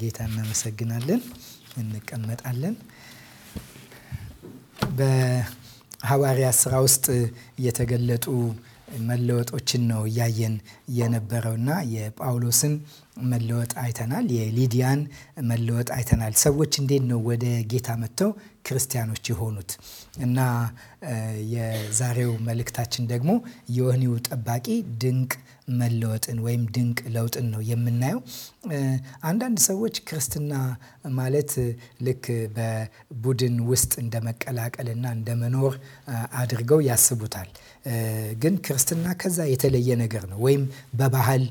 ጌታ እናመሰግናለን። እንቀመጣለን። በሐዋርያት ስራ ውስጥ የተገለጡ መለወጦችን ነው እያየን የነበረውና የጳውሎስን መለወጥ አይተናል። የሊዲያን መለወጥ አይተናል። ሰዎች እንዴት ነው ወደ ጌታ መጥተው ክርስቲያኖች የሆኑት? እና የዛሬው መልእክታችን ደግሞ የወህኒው ጠባቂ ድንቅ መለወጥን ወይም ድንቅ ለውጥን ነው የምናየው። አንዳንድ ሰዎች ክርስትና ማለት ልክ በቡድን ውስጥ እንደ መቀላቀልና እንደ መኖር አድርገው ያስቡታል። ግን ክርስትና ከዛ የተለየ ነገር ነው። ወይም በባህል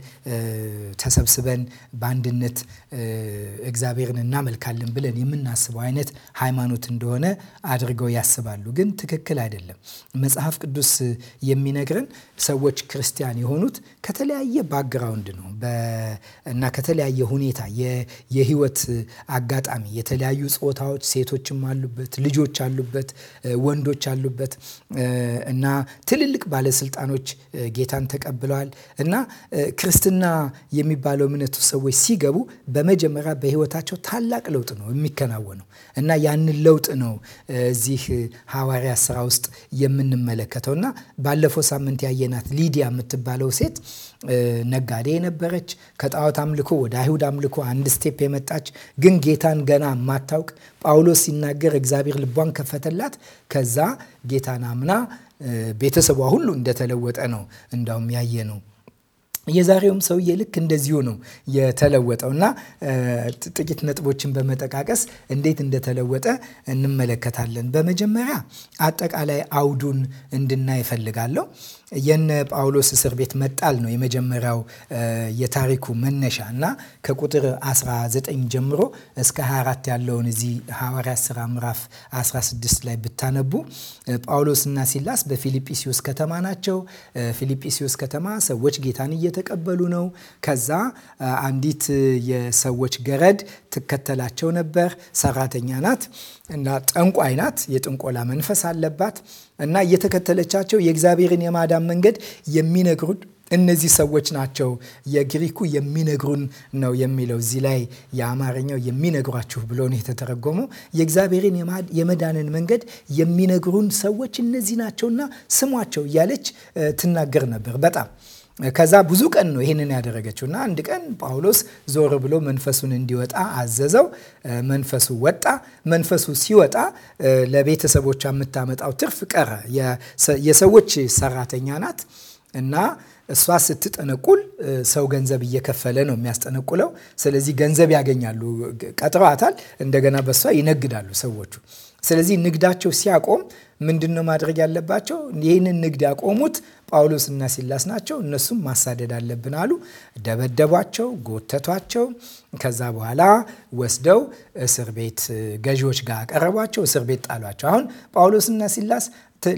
ተሰብስበ ተሰብስበን በአንድነት እግዚአብሔርን እናመልካለን ብለን የምናስበው አይነት ሃይማኖት እንደሆነ አድርገው ያስባሉ። ግን ትክክል አይደለም። መጽሐፍ ቅዱስ የሚነግረን ሰዎች ክርስቲያን የሆኑት ከተለያየ ባክግራውንድ ነው እና ከተለያየ ሁኔታ የህይወት አጋጣሚ የተለያዩ ጾታዎች፣ ሴቶችም አሉበት፣ ልጆች አሉበት፣ ወንዶች አሉበት እና ትልልቅ ባለስልጣኖች ጌታን ተቀብለዋል እና ክርስትና የሚባለው እምነቱ ሰዎች ሲገቡ በመጀመሪያ በህይወታቸው ታላቅ ለውጥ ነው የሚከናወነው እና ያንን ለውጥ ነው እዚህ ሐዋርያ ስራ ውስጥ የምንመለከተው እና ባለፈው ሳምንት ያየናት ሊዲያ የምትባለው ሴት ነጋዴ የነበረች ከጣዖት አምልኮ ወደ አይሁድ አምልኮ አንድ ስቴፕ የመጣች ግን ጌታን ገና ማታውቅ ጳውሎስ ሲናገር እግዚአብሔር ልቧን ከፈተላት። ከዛ ጌታን አምና ቤተሰቧ ሁሉ እንደተለወጠ ነው እንዳውም ያየ ነው የዛሬውም ሰውዬ ልክ እንደዚሁ ነው የተለወጠው እና ጥቂት ነጥቦችን በመጠቃቀስ እንዴት እንደተለወጠ እንመለከታለን። በመጀመሪያ አጠቃላይ አውዱን እንድናይ እፈልጋለሁ። የነ ጳውሎስ እስር ቤት መጣል ነው የመጀመሪያው የታሪኩ መነሻ እና ከቁጥር 19 ጀምሮ እስከ 24 ያለውን እዚህ ሐዋርያት ሥራ ምዕራፍ 16 ላይ ብታነቡ ጳውሎስና ሲላስ በፊልጵስዩስ ከተማ ናቸው። ፊልጵስዩስ ከተማ ሰዎች ጌታን እየተቀበሉ ነው። ከዛ አንዲት የሰዎች ገረድ ትከተላቸው ነበር። ሰራተኛ ናት እና ጠንቋይ ናት። የጥንቆላ መንፈስ አለባት። እና እየተከተለቻቸው የእግዚአብሔርን የማዳን መንገድ የሚነግሩን እነዚህ ሰዎች ናቸው። የግሪኩ የሚነግሩን ነው የሚለው እዚህ ላይ የአማርኛው የሚነግሯችሁ ብሎ ነው የተተረጎመው። የእግዚአብሔርን የመዳንን መንገድ የሚነግሩን ሰዎች እነዚህ ናቸውና ስሟቸው እያለች ትናገር ነበር በጣም ከዛ ብዙ ቀን ነው ይህንን ያደረገችው እና አንድ ቀን ጳውሎስ ዞር ብሎ መንፈሱን እንዲወጣ አዘዘው። መንፈሱ ወጣ። መንፈሱ ሲወጣ ለቤተሰቦቿ የምታመጣው ትርፍ ቀረ። የሰዎች ሰራተኛ ናት እና እሷ ስትጠነቁል ሰው ገንዘብ እየከፈለ ነው የሚያስጠነቁለው። ስለዚህ ገንዘብ ያገኛሉ። ቀጥረዋታል። እንደገና በሷ ይነግዳሉ ሰዎቹ። ስለዚህ ንግዳቸው ሲያቆም ምንድን ነው ማድረግ ያለባቸው? ይህንን ንግድ ያቆሙት ጳውሎስና ሲላስ ናቸው። እነሱም ማሳደድ አለብን አሉ። ደበደቧቸው፣ ጎተቷቸው። ከዛ በኋላ ወስደው እስር ቤት ገዢዎች ጋር አቀረቧቸው። እስር ቤት ጣሏቸው። አሁን እና ሲላስ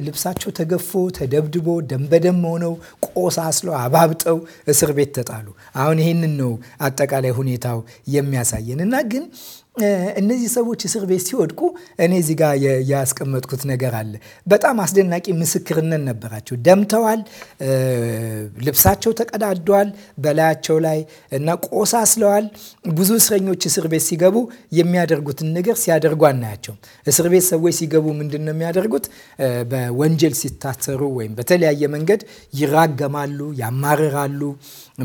ልብሳቸው ተገፎ ተደብድቦ ደንበደም ሆነው ቆሳስለው አባብጠው እስር ቤት ተጣሉ። አሁን ይህንን ነው አጠቃላይ ሁኔታው የሚያሳየን እና ግን እነዚህ ሰዎች እስር ቤት ሲወድቁ እኔ እዚህ ጋር ያስቀመጥኩት ነገር አለ። በጣም አስደናቂ ምስክርነት ነበራቸው። ደምተዋል፣ ልብሳቸው ተቀዳደዋል በላያቸው ላይ እና ቆሳስለዋል። ብዙ እስረኞች እስር ቤት ሲገቡ የሚያደርጉትን ነገር ሲያደርጉ አናያቸው። እስር ቤት ሰዎች ሲገቡ ምንድን ነው የሚያደርጉት? በወንጀል ሲታሰሩ ወይም በተለያየ መንገድ ይራገማሉ፣ ያማርራሉ፣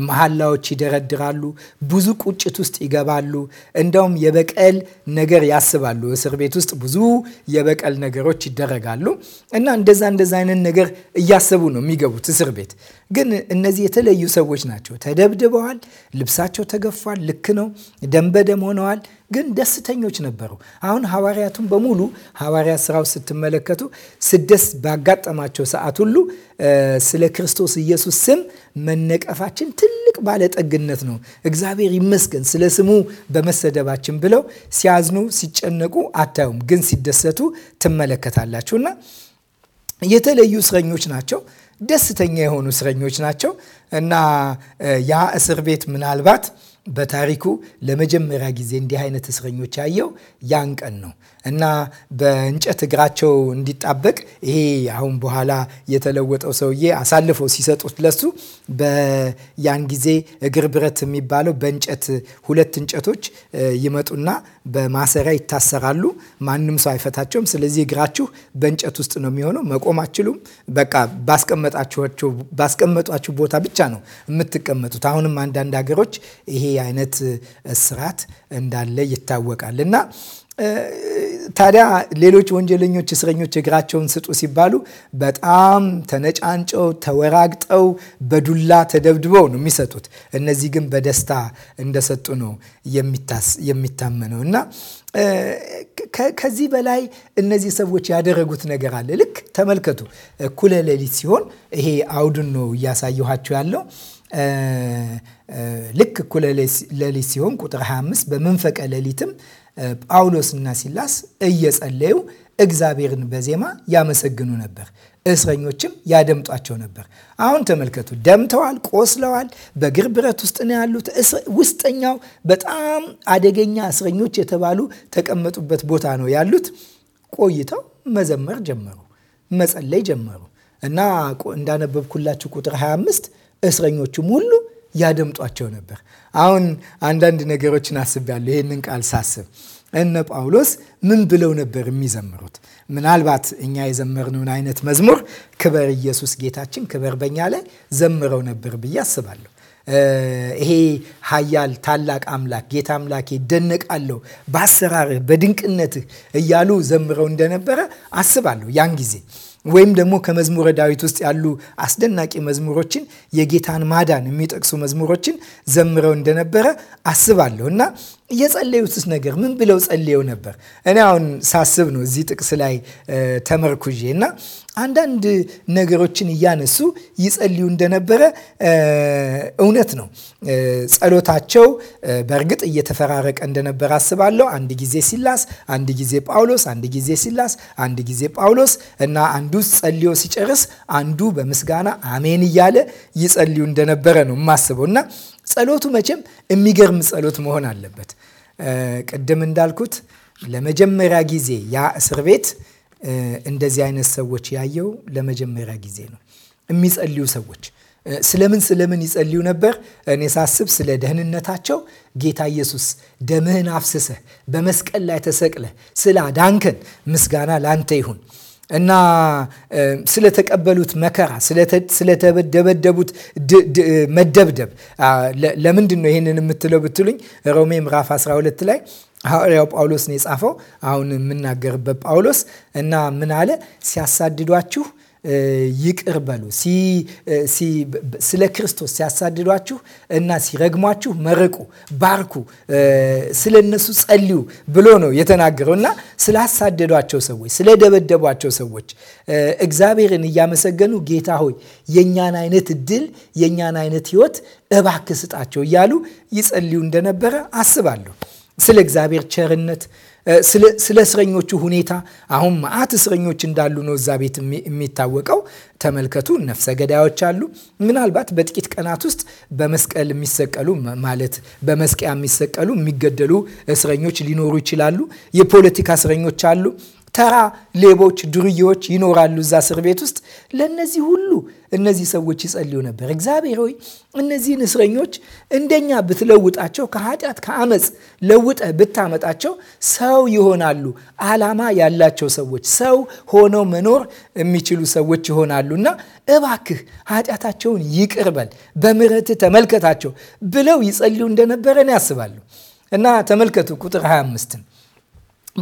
መሐላዎች ይደረድራሉ። ብዙ ቁጭት ውስጥ ይገባሉ። እንደውም የበቀል ነገር ያስባሉ። እስር ቤት ውስጥ ብዙ የበቀል ነገሮች ይደረጋሉ እና እንደዛ እንደዛ አይነት ነገር እያሰቡ ነው የሚገቡት እስር ቤት ግን እነዚህ የተለዩ ሰዎች ናቸው። ተደብድበዋል፣ ልብሳቸው ተገፏል፣ ልክ ነው፣ ደም በደም ሆነዋል፣ ግን ደስተኞች ነበሩ። አሁን ሐዋርያቱን በሙሉ ሐዋርያ ስራው ስትመለከቱ ስደት ባጋጠማቸው ሰዓት ሁሉ ስለ ክርስቶስ ኢየሱስ ስም መነቀፋችን ትልቅ ባለጠግነት ነው፣ እግዚአብሔር ይመስገን ስለ ስሙ በመሰደባችን ብለው ሲያዝኑ ሲጨነቁ አታዩም፣ ግን ሲደሰቱ ትመለከታላችሁና የተለዩ እስረኞች ናቸው። ደስተኛ የሆኑ እስረኞች ናቸው እና ያ እስር ቤት ምናልባት በታሪኩ ለመጀመሪያ ጊዜ እንዲህ አይነት እስረኞች ያየው ያን ቀን ነው። እና በእንጨት እግራቸው እንዲጣበቅ ይሄ አሁን በኋላ የተለወጠው ሰውዬ አሳልፈው ሲሰጡት ለሱ በያን ጊዜ እግር ብረት የሚባለው በእንጨት ሁለት እንጨቶች ይመጡና በማሰሪያ ይታሰራሉ። ማንም ሰው አይፈታቸውም። ስለዚህ እግራችሁ በእንጨት ውስጥ ነው የሚሆነው። መቆም አችሉም። በቃ ባስቀመጧችሁ ቦታ ብቻ ነው የምትቀመጡት። አሁንም አንዳንድ ሀገሮች ይሄ አይነት ስርዓት እንዳለ ይታወቃል እና ታዲያ ሌሎች ወንጀለኞች እስረኞች እግራቸውን ስጡ ሲባሉ በጣም ተነጫንጨው ተወራግጠው በዱላ ተደብድበው ነው የሚሰጡት። እነዚህ ግን በደስታ እንደሰጡ ነው የሚታመነው። እና ከዚህ በላይ እነዚህ ሰዎች ያደረጉት ነገር አለ። ልክ ተመልከቱ። እኩለ ሌሊት ሲሆን ይሄ አውዱን ነው እያሳየኋቸው ያለው ልክ እኩለ ሌሊት ሲሆን ቁጥር 25 በመንፈቀ ሌሊትም ጳውሎስና ሲላስ እየጸለዩ እግዚአብሔርን በዜማ ያመሰግኑ ነበር። እስረኞችም ያደምጧቸው ነበር። አሁን ተመልከቱ። ደምተዋል፣ ቆስለዋል፣ በግር ብረት ውስጥ ነው ያሉት። ውስጠኛው በጣም አደገኛ እስረኞች የተባሉ ተቀመጡበት ቦታ ነው ያሉት። ቆይተው መዘመር ጀመሩ፣ መጸለይ ጀመሩ እና እንዳነበብኩላችሁ ቁጥር 25 እስረኞቹም ሁሉ ያደምጧቸው ነበር። አሁን አንዳንድ ነገሮችን አስቤያለሁ። ይህንን ቃል ሳስብ እነ ጳውሎስ ምን ብለው ነበር የሚዘምሩት? ምናልባት እኛ የዘመርነውን አይነት መዝሙር ክበር ኢየሱስ ጌታችን ክበር በእኛ ላይ ዘምረው ነበር ብዬ አስባለሁ። ይሄ ኃያል ታላቅ አምላክ ጌታ አምላኬ ደነቃለሁ በአሰራርህ በድንቅነትህ እያሉ ዘምረው እንደነበረ አስባለሁ ያን ጊዜ ወይም ደግሞ ከመዝሙረ ዳዊት ውስጥ ያሉ አስደናቂ መዝሙሮችን የጌታን ማዳን የሚጠቅሱ መዝሙሮችን ዘምረው እንደነበረ አስባለሁ እና የጸለዩትስ ነገር ምን ብለው ጸልየው ነበር? እኔ አሁን ሳስብ ነው እዚህ ጥቅስ ላይ ተመርኩዤ እና አንዳንድ ነገሮችን እያነሱ ይጸልዩ እንደነበረ እውነት ነው። ጸሎታቸው በእርግጥ እየተፈራረቀ እንደነበር አስባለሁ። አንድ ጊዜ ሲላስ፣ አንድ ጊዜ ጳውሎስ፣ አንድ ጊዜ ሲላስ፣ አንድ ጊዜ ጳውሎስ እና አንዱ ጸልዮ ሲጨርስ አንዱ በምስጋና አሜን እያለ ይጸልዩ እንደነበረ ነው የማስበው እና ጸሎቱ መቼም የሚገርም ጸሎት መሆን አለበት። ቅድም እንዳልኩት ለመጀመሪያ ጊዜ ያ እስር ቤት እንደዚህ አይነት ሰዎች ያየው ለመጀመሪያ ጊዜ ነው። የሚጸልዩ ሰዎች ስለምን ስለምን ይጸልዩ ነበር? እኔ ሳስብ ስለ ደህንነታቸው። ጌታ ኢየሱስ ደምህን አፍስሰህ በመስቀል ላይ ተሰቅለህ ስለ አዳንከን ምስጋና ላንተ ይሁን እና ስለተቀበሉት መከራ፣ ስለተደበደቡት መደብደብ ለምንድን ነው ይህንን የምትለው ብትሉኝ ሮሜ ምዕራፍ 12 ላይ ሐዋርያው ጳውሎስ ነው የጻፈው። አሁን የምናገርበት ጳውሎስ እና ምን አለ ሲያሳድዷችሁ ይቅር በሉ። ስለ ክርስቶስ ሲያሳድዷችሁ እና ሲረግሟችሁ መርቁ፣ ባርኩ፣ ስለ እነሱ ጸልዩ ብሎ ነው የተናገረው እና ስላሳደዷቸው ሰዎች፣ ስለደበደቧቸው ሰዎች እግዚአብሔርን እያመሰገኑ ጌታ ሆይ የእኛን አይነት እድል የእኛን አይነት ህይወት እባክ ስጣቸው እያሉ ይጸልዩ እንደነበረ አስባለሁ። ስለ እግዚአብሔር ቸርነት ስለ እስረኞቹ ሁኔታ አሁን መዓት እስረኞች እንዳሉ ነው እዛ ቤት የሚታወቀው። ተመልከቱ፣ ነፍሰ ገዳዮች አሉ። ምናልባት በጥቂት ቀናት ውስጥ በመስቀል የሚሰቀሉ ማለት በመስቀያ የሚሰቀሉ የሚገደሉ እስረኞች ሊኖሩ ይችላሉ። የፖለቲካ እስረኞች አሉ። ተራ ሌቦች፣ ዱርዬዎች ይኖራሉ እዛ እስር ቤት ውስጥ። ለእነዚህ ሁሉ እነዚህ ሰዎች ይጸልዩ ነበር። እግዚአብሔር ሆይ እነዚህን እስረኞች እንደኛ ብትለውጣቸው፣ ከኃጢአት ከአመፅ ለውጠ ብታመጣቸው ሰው ይሆናሉ፣ አላማ ያላቸው ሰዎች፣ ሰው ሆነው መኖር የሚችሉ ሰዎች ይሆናሉ እና እባክህ ኃጢአታቸውን ይቅርበል በል፣ ተመልከታቸው ብለው ይጸልዩ እንደነበረ እኔ አስባለሁ እና ተመልከቱ ቁጥር 25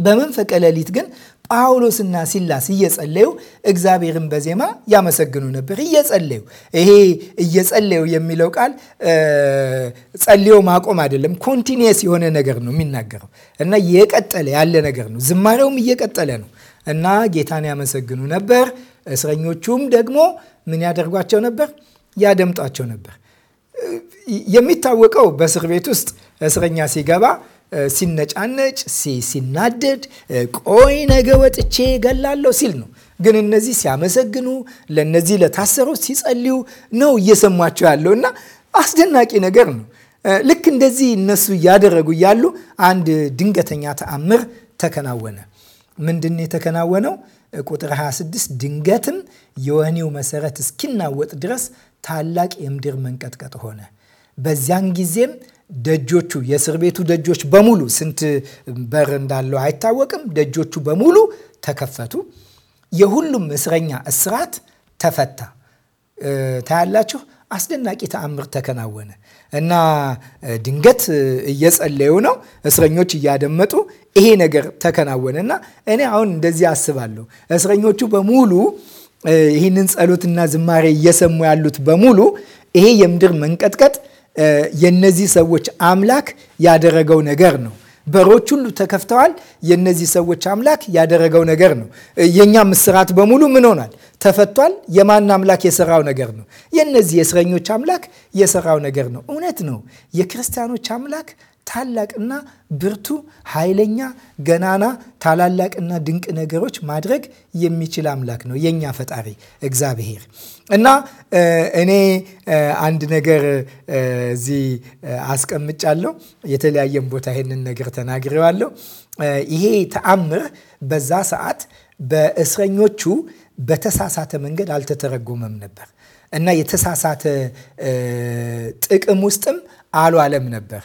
በመንፈቀ ሌሊት ግን ጳውሎስና ሲላስ እየጸለዩ እግዚአብሔርን በዜማ ያመሰግኑ ነበር። እየጸለዩ ይሄ እየጸለዩ የሚለው ቃል ጸልዮ ማቆም አይደለም፣ ኮንቲኒየስ የሆነ ነገር ነው የሚናገረው እና እየቀጠለ ያለ ነገር ነው። ዝማሬውም እየቀጠለ ነው እና ጌታን ያመሰግኑ ነበር። እስረኞቹም ደግሞ ምን ያደርጓቸው ነበር? ያደምጧቸው ነበር። የሚታወቀው በእስር ቤት ውስጥ እስረኛ ሲገባ ሲነጫነጭ፣ ሲናደድ፣ ቆይ ነገ ወጥቼ ገላለሁ ሲል ነው። ግን እነዚህ ሲያመሰግኑ፣ ለነዚህ ለታሰሩ ሲጸልዩ ነው እየሰማቸው ያለው እና አስደናቂ ነገር ነው። ልክ እንደዚህ እነሱ እያደረጉ እያሉ አንድ ድንገተኛ ተአምር ተከናወነ። ምንድን የተከናወነው? ቁጥር 26 ድንገትም የወህኒው መሰረት እስኪናወጥ ድረስ ታላቅ የምድር መንቀጥቀጥ ሆነ። በዚያን ጊዜም ደጆቹ የእስር ቤቱ ደጆች በሙሉ ስንት በር እንዳለው አይታወቅም። ደጆቹ በሙሉ ተከፈቱ። የሁሉም እስረኛ እስራት ተፈታ። ታያላችሁ፣ አስደናቂ ተአምር ተከናወነ እና ድንገት እየጸለዩ ነው እስረኞች እያደመጡ ይሄ ነገር ተከናወነ እና እኔ አሁን እንደዚህ አስባለሁ እስረኞቹ በሙሉ ይህንን ጸሎትና ዝማሬ እየሰሙ ያሉት በሙሉ ይሄ የምድር መንቀጥቀጥ የነዚህ ሰዎች አምላክ ያደረገው ነገር ነው። በሮች ሁሉ ተከፍተዋል። የነዚህ ሰዎች አምላክ ያደረገው ነገር ነው። የእኛ ምስራት በሙሉ ምን ሆኗል? ተፈቷል። የማን አምላክ የሰራው ነገር ነው። የነዚህ የእስረኞች አምላክ የሰራው ነገር ነው። እውነት ነው። የክርስቲያኖች አምላክ ታላቅና ብርቱ ኃይለኛ ገናና ታላላቅና ድንቅ ነገሮች ማድረግ የሚችል አምላክ ነው የእኛ ፈጣሪ እግዚአብሔር። እና እኔ አንድ ነገር እዚህ አስቀምጫለሁ። የተለያየም ቦታ ይሄንን ነገር ተናግሬዋለሁ። ይሄ ተአምር በዛ ሰዓት በእስረኞቹ በተሳሳተ መንገድ አልተተረጎመም ነበር እና የተሳሳተ ጥቅም ውስጥም አሉ አለም ነበር።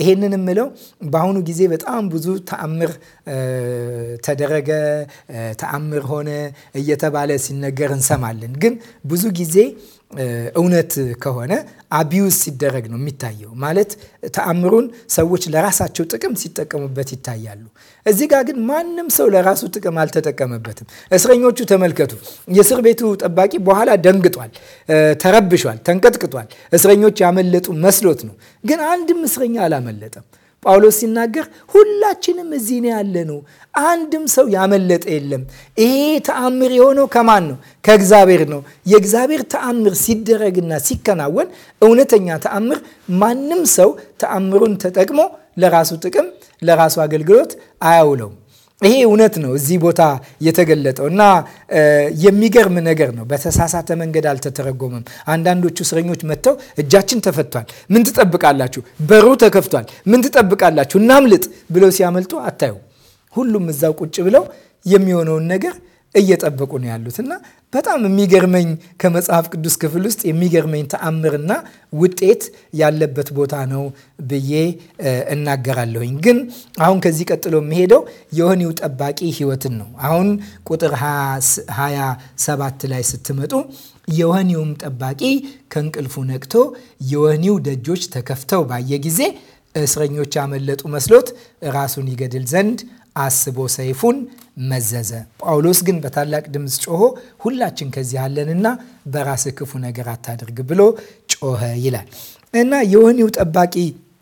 ይሄንን የምለው በአሁኑ ጊዜ በጣም ብዙ ተአምር ተደረገ፣ ተአምር ሆነ እየተባለ ሲነገር እንሰማለን። ግን ብዙ ጊዜ እውነት ከሆነ አቢዩዝ ሲደረግ ነው የሚታየው። ማለት ተአምሩን ሰዎች ለራሳቸው ጥቅም ሲጠቀሙበት ይታያሉ። እዚህ ጋር ግን ማንም ሰው ለራሱ ጥቅም አልተጠቀመበትም። እስረኞቹ ተመልከቱ። የእስር ቤቱ ጠባቂ በኋላ ደንግጧል፣ ተረብሿል፣ ተንቀጥቅጧል። እስረኞች ያመለጡ መስሎት ነው። ግን አንድም እስረኛ አላመለጠም። ጳውሎስ ሲናገር ሁላችንም እዚህ ነው ነው። አንድም ሰው ያመለጠ የለም። ይሄ ተአምር የሆነው ከማን ነው? ከእግዚአብሔር ነው። የእግዚአብሔር ተአምር ሲደረግና ሲከናወን እውነተኛ ተአምር፣ ማንም ሰው ተአምሩን ተጠቅሞ ለራሱ ጥቅም ለራሱ አገልግሎት አያውለውም። ይሄ እውነት ነው እዚህ ቦታ የተገለጠው እና የሚገርም ነገር ነው። በተሳሳተ መንገድ አልተተረጎመም። አንዳንዶቹ እስረኞች መጥተው እጃችን ተፈቷል፣ ምን ትጠብቃላችሁ? በሩ ተከፍቷል፣ ምን ትጠብቃላችሁ? እናምልጥ ብለው ሲያመልጡ አታዩ። ሁሉም እዛው ቁጭ ብለው የሚሆነውን ነገር እየጠበቁ ነው ያሉት እና በጣም የሚገርመኝ ከመጽሐፍ ቅዱስ ክፍል ውስጥ የሚገርመኝ ተአምርና ውጤት ያለበት ቦታ ነው ብዬ እናገራለሁኝ። ግን አሁን ከዚህ ቀጥሎ የሚሄደው የወህኒው ጠባቂ ህይወትን ነው። አሁን ቁጥር 27 ላይ ስትመጡ የወህኒውም ጠባቂ ከእንቅልፉ ነቅቶ የወህኒው ደጆች ተከፍተው ባየ ጊዜ እስረኞች ያመለጡ መስሎት ራሱን ይገድል ዘንድ አስቦ ሰይፉን መዘዘ። ጳውሎስ ግን በታላቅ ድምፅ ጮሆ ሁላችን ከዚህ አለንና በራስ ክፉ ነገር አታድርግ ብሎ ጮኸ ይላል እና የወህኒው ጠባቂ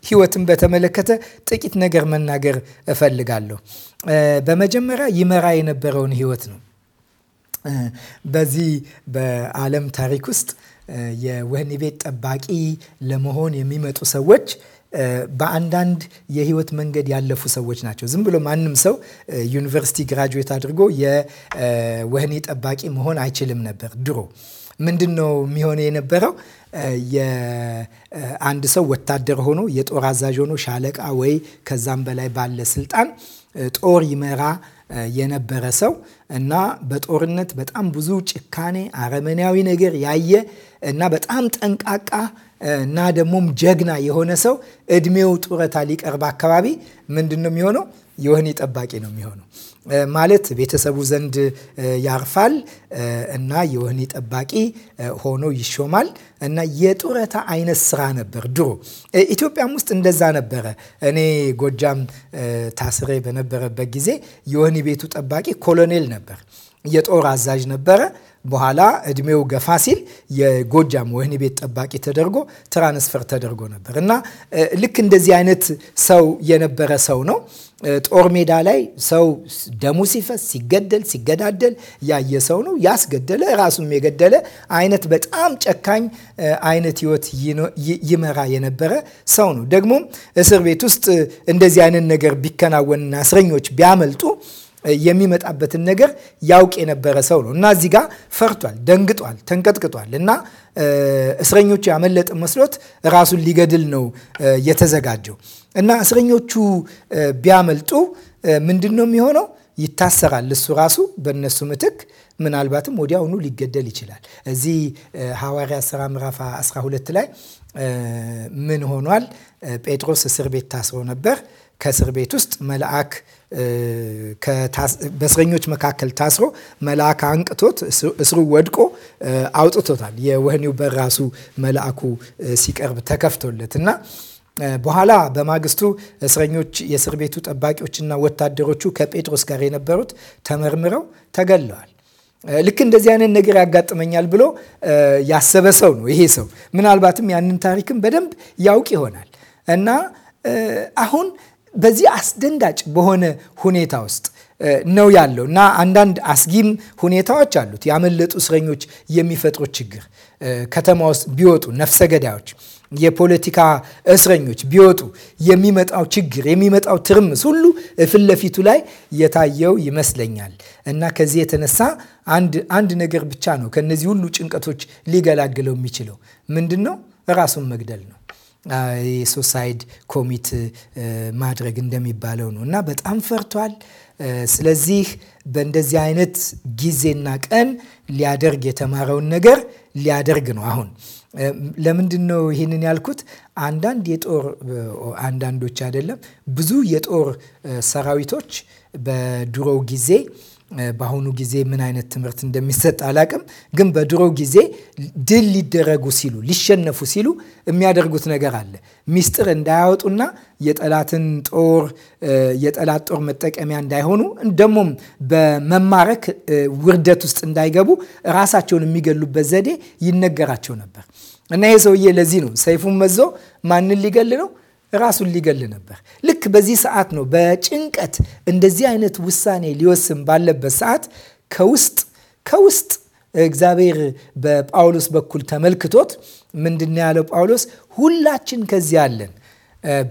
ህይወትን በተመለከተ ጥቂት ነገር መናገር እፈልጋለሁ። በመጀመሪያ ይመራ የነበረውን ህይወት ነው። በዚህ በዓለም ታሪክ ውስጥ የወህኒ ቤት ጠባቂ ለመሆን የሚመጡ ሰዎች በአንዳንድ የህይወት መንገድ ያለፉ ሰዎች ናቸው። ዝም ብሎ ማንም ሰው ዩኒቨርሲቲ ግራጁዌት አድርጎ የወህኒ ጠባቂ መሆን አይችልም ነበር ድሮ። ምንድን ነው የሚሆነ የነበረው? አንድ ሰው ወታደር ሆኖ የጦር አዛዥ ሆኖ ሻለቃ ወይ ከዛም በላይ ባለ ስልጣን ጦር ይመራ የነበረ ሰው እና በጦርነት በጣም ብዙ ጭካኔ፣ አረመኔያዊ ነገር ያየ እና በጣም ጠንቃቃ እና ደግሞም ጀግና የሆነ ሰው እድሜው ጡረታ ሊቀርብ አካባቢ ምንድን ነው የሚሆነው? የወህኒ ጠባቂ ነው የሚሆነው። ማለት ቤተሰቡ ዘንድ ያርፋል እና የወህኒ ጠባቂ ሆኖ ይሾማል እና የጡረታ አይነት ስራ ነበር ድሮ። ኢትዮጵያም ውስጥ እንደዛ ነበረ። እኔ ጎጃም ታስሬ በነበረበት ጊዜ የወህኒ ቤቱ ጠባቂ ኮሎኔል ነበር፣ የጦር አዛዥ ነበረ። በኋላ እድሜው ገፋ ሲል የጎጃም ወህኒ ቤት ጠባቂ ተደርጎ ትራንስፈር ተደርጎ ነበር እና ልክ እንደዚህ አይነት ሰው የነበረ ሰው ነው። ጦር ሜዳ ላይ ሰው ደሙ ሲፈስ ሲገደል ሲገዳደል ያየ ሰው ነው። ያስገደለ ራሱም የገደለ አይነት በጣም ጨካኝ አይነት ህይወት ይመራ የነበረ ሰው ነው። ደግሞም እስር ቤት ውስጥ እንደዚህ አይነት ነገር ቢከናወንና እስረኞች ቢያመልጡ የሚመጣበትን ነገር ያውቅ የነበረ ሰው ነው እና እዚህ ጋር ፈርቷል፣ ደንግጧል፣ ተንቀጥቅጧል እና እስረኞቹ ያመለጠ መስሎት ራሱን ሊገድል ነው የተዘጋጀው እና እስረኞቹ ቢያመልጡ ምንድን ነው የሚሆነው? ይታሰራል። እሱ ራሱ በእነሱ ምትክ ምናልባትም ወዲያውኑ ሊገደል ይችላል። እዚህ ሐዋርያት ሥራ ምዕራፍ 12 ላይ ምን ሆኗል? ጴጥሮስ እስር ቤት ታስሮ ነበር። ከእስር ቤት ውስጥ መልአክ በእስረኞች መካከል ታስሮ መልአክ አንቅቶት እስሩ ወድቆ አውጥቶታል። የወህኒው በራሱ መልአኩ ሲቀርብ ተከፍቶለት እና በኋላ በማግስቱ እስረኞች የእስር ቤቱ ጠባቂዎችና ወታደሮቹ ከጴጥሮስ ጋር የነበሩት ተመርምረው ተገለዋል። ልክ እንደዚህ አይነት ነገር ያጋጥመኛል ብሎ ያሰበ ሰው ነው ይሄ ሰው። ምናልባትም ያንን ታሪክም በደንብ ያውቅ ይሆናል እና አሁን በዚህ አስደንጋጭ በሆነ ሁኔታ ውስጥ ነው ያለው እና አንዳንድ አስጊም ሁኔታዎች አሉት። ያመለጡ እስረኞች የሚፈጥሩት ችግር ከተማ ውስጥ ቢወጡ ነፍሰ ገዳዮች፣ የፖለቲካ እስረኞች ቢወጡ የሚመጣው ችግር የሚመጣው ትርምስ ሁሉ ፊት ለፊቱ ላይ የታየው ይመስለኛል እና ከዚህ የተነሳ አንድ ነገር ብቻ ነው ከነዚህ ሁሉ ጭንቀቶች ሊገላግለው የሚችለው ምንድን ነው? ራሱን መግደል ነው። የሱሳይድ ኮሚት ማድረግ እንደሚባለው ነው እና በጣም ፈርቷል። ስለዚህ በእንደዚህ አይነት ጊዜና ቀን ሊያደርግ የተማረውን ነገር ሊያደርግ ነው። አሁን ለምንድን ነው ይህንን ያልኩት? አንዳንድ የጦር አንዳንዶች አይደለም ብዙ የጦር ሰራዊቶች በድሮው ጊዜ በአሁኑ ጊዜ ምን አይነት ትምህርት እንደሚሰጥ አላቅም፣ ግን በድሮ ጊዜ ድል ሊደረጉ ሲሉ ሊሸነፉ ሲሉ የሚያደርጉት ነገር አለ። ሚስጥር እንዳያወጡና የጠላትን ጦር የጠላት ጦር መጠቀሚያ እንዳይሆኑ ደግሞም በመማረክ ውርደት ውስጥ እንዳይገቡ ራሳቸውን የሚገሉበት ዘዴ ይነገራቸው ነበር እና ይህ ሰውዬ ለዚህ ነው ሰይፉን መዞ ማንን ሊገል ነው ራሱን ሊገል ነበር። ልክ በዚህ ሰዓት ነው በጭንቀት እንደዚህ አይነት ውሳኔ ሊወስን ባለበት ሰዓት ከውስጥ ከውስጥ እግዚአብሔር በጳውሎስ በኩል ተመልክቶት ምንድን ያለው? ጳውሎስ ሁላችን ከዚህ አለን፣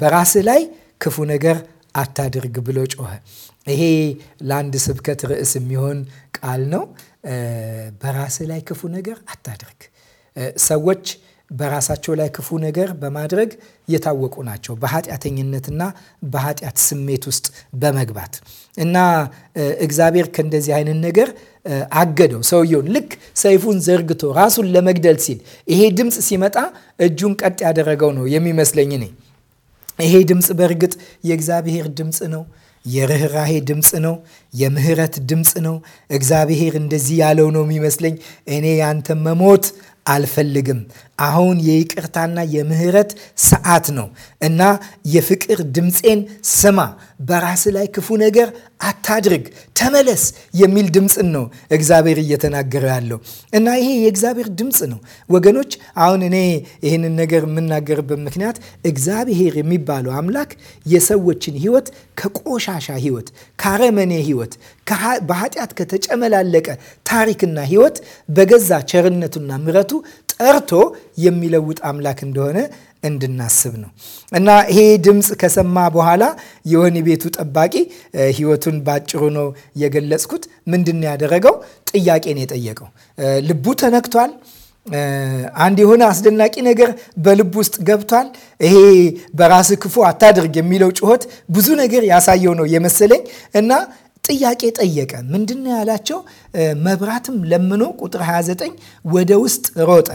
በራስህ ላይ ክፉ ነገር አታድርግ ብሎ ጮኸ። ይሄ ለአንድ ስብከት ርዕስ የሚሆን ቃል ነው። በራስህ ላይ ክፉ ነገር አታድርግ ሰዎች በራሳቸው ላይ ክፉ ነገር በማድረግ የታወቁ ናቸው። በኃጢአተኝነትና በኃጢአት ስሜት ውስጥ በመግባት እና እግዚአብሔር ከእንደዚህ አይነት ነገር አገደው። ሰውየውን ልክ ሰይፉን ዘርግቶ ራሱን ለመግደል ሲል ይሄ ድምፅ ሲመጣ እጁን ቀጥ ያደረገው ነው የሚመስለኝ እኔ። ይሄ ድምፅ በእርግጥ የእግዚአብሔር ድምፅ ነው። የርኅራሄ ድምፅ ነው። የምህረት ድምፅ ነው። እግዚአብሔር እንደዚህ ያለው ነው የሚመስለኝ እኔ ያንተ መሞት አልፈልግም አሁን የይቅርታና የምህረት ሰዓት ነው እና የፍቅር ድምፄን ስማ፣ በራስ ላይ ክፉ ነገር አታድርግ፣ ተመለስ የሚል ድምፅን ነው እግዚአብሔር እየተናገረ ያለው እና ይሄ የእግዚአብሔር ድምፅ ነው ወገኖች። አሁን እኔ ይህንን ነገር የምናገርበት ምክንያት እግዚአብሔር የሚባለው አምላክ የሰዎችን ህይወት ከቆሻሻ ህይወት ካረመኔ ህይወት በኃጢአት ከተጨመላለቀ ታሪክና ህይወት በገዛ ቸርነቱና ምረቱ ጠርቶ የሚለውጥ አምላክ እንደሆነ እንድናስብ ነው እና ይሄ ድምፅ ከሰማ በኋላ የወህኒ ቤቱ ጠባቂ ህይወቱን ባጭሩ ነው የገለጽኩት። ምንድን ያደረገው? ጥያቄን የጠየቀው ልቡ ተነክቷል። አንድ የሆነ አስደናቂ ነገር በልብ ውስጥ ገብቷል። ይሄ በራስ ክፉ አታድርግ የሚለው ጩኸት ብዙ ነገር ያሳየው ነው የመሰለኝ እና ጥያቄ ጠየቀ። ምንድን ያላቸው? መብራትም ለምኖ ቁጥር 29 ወደ ውስጥ ሮጠ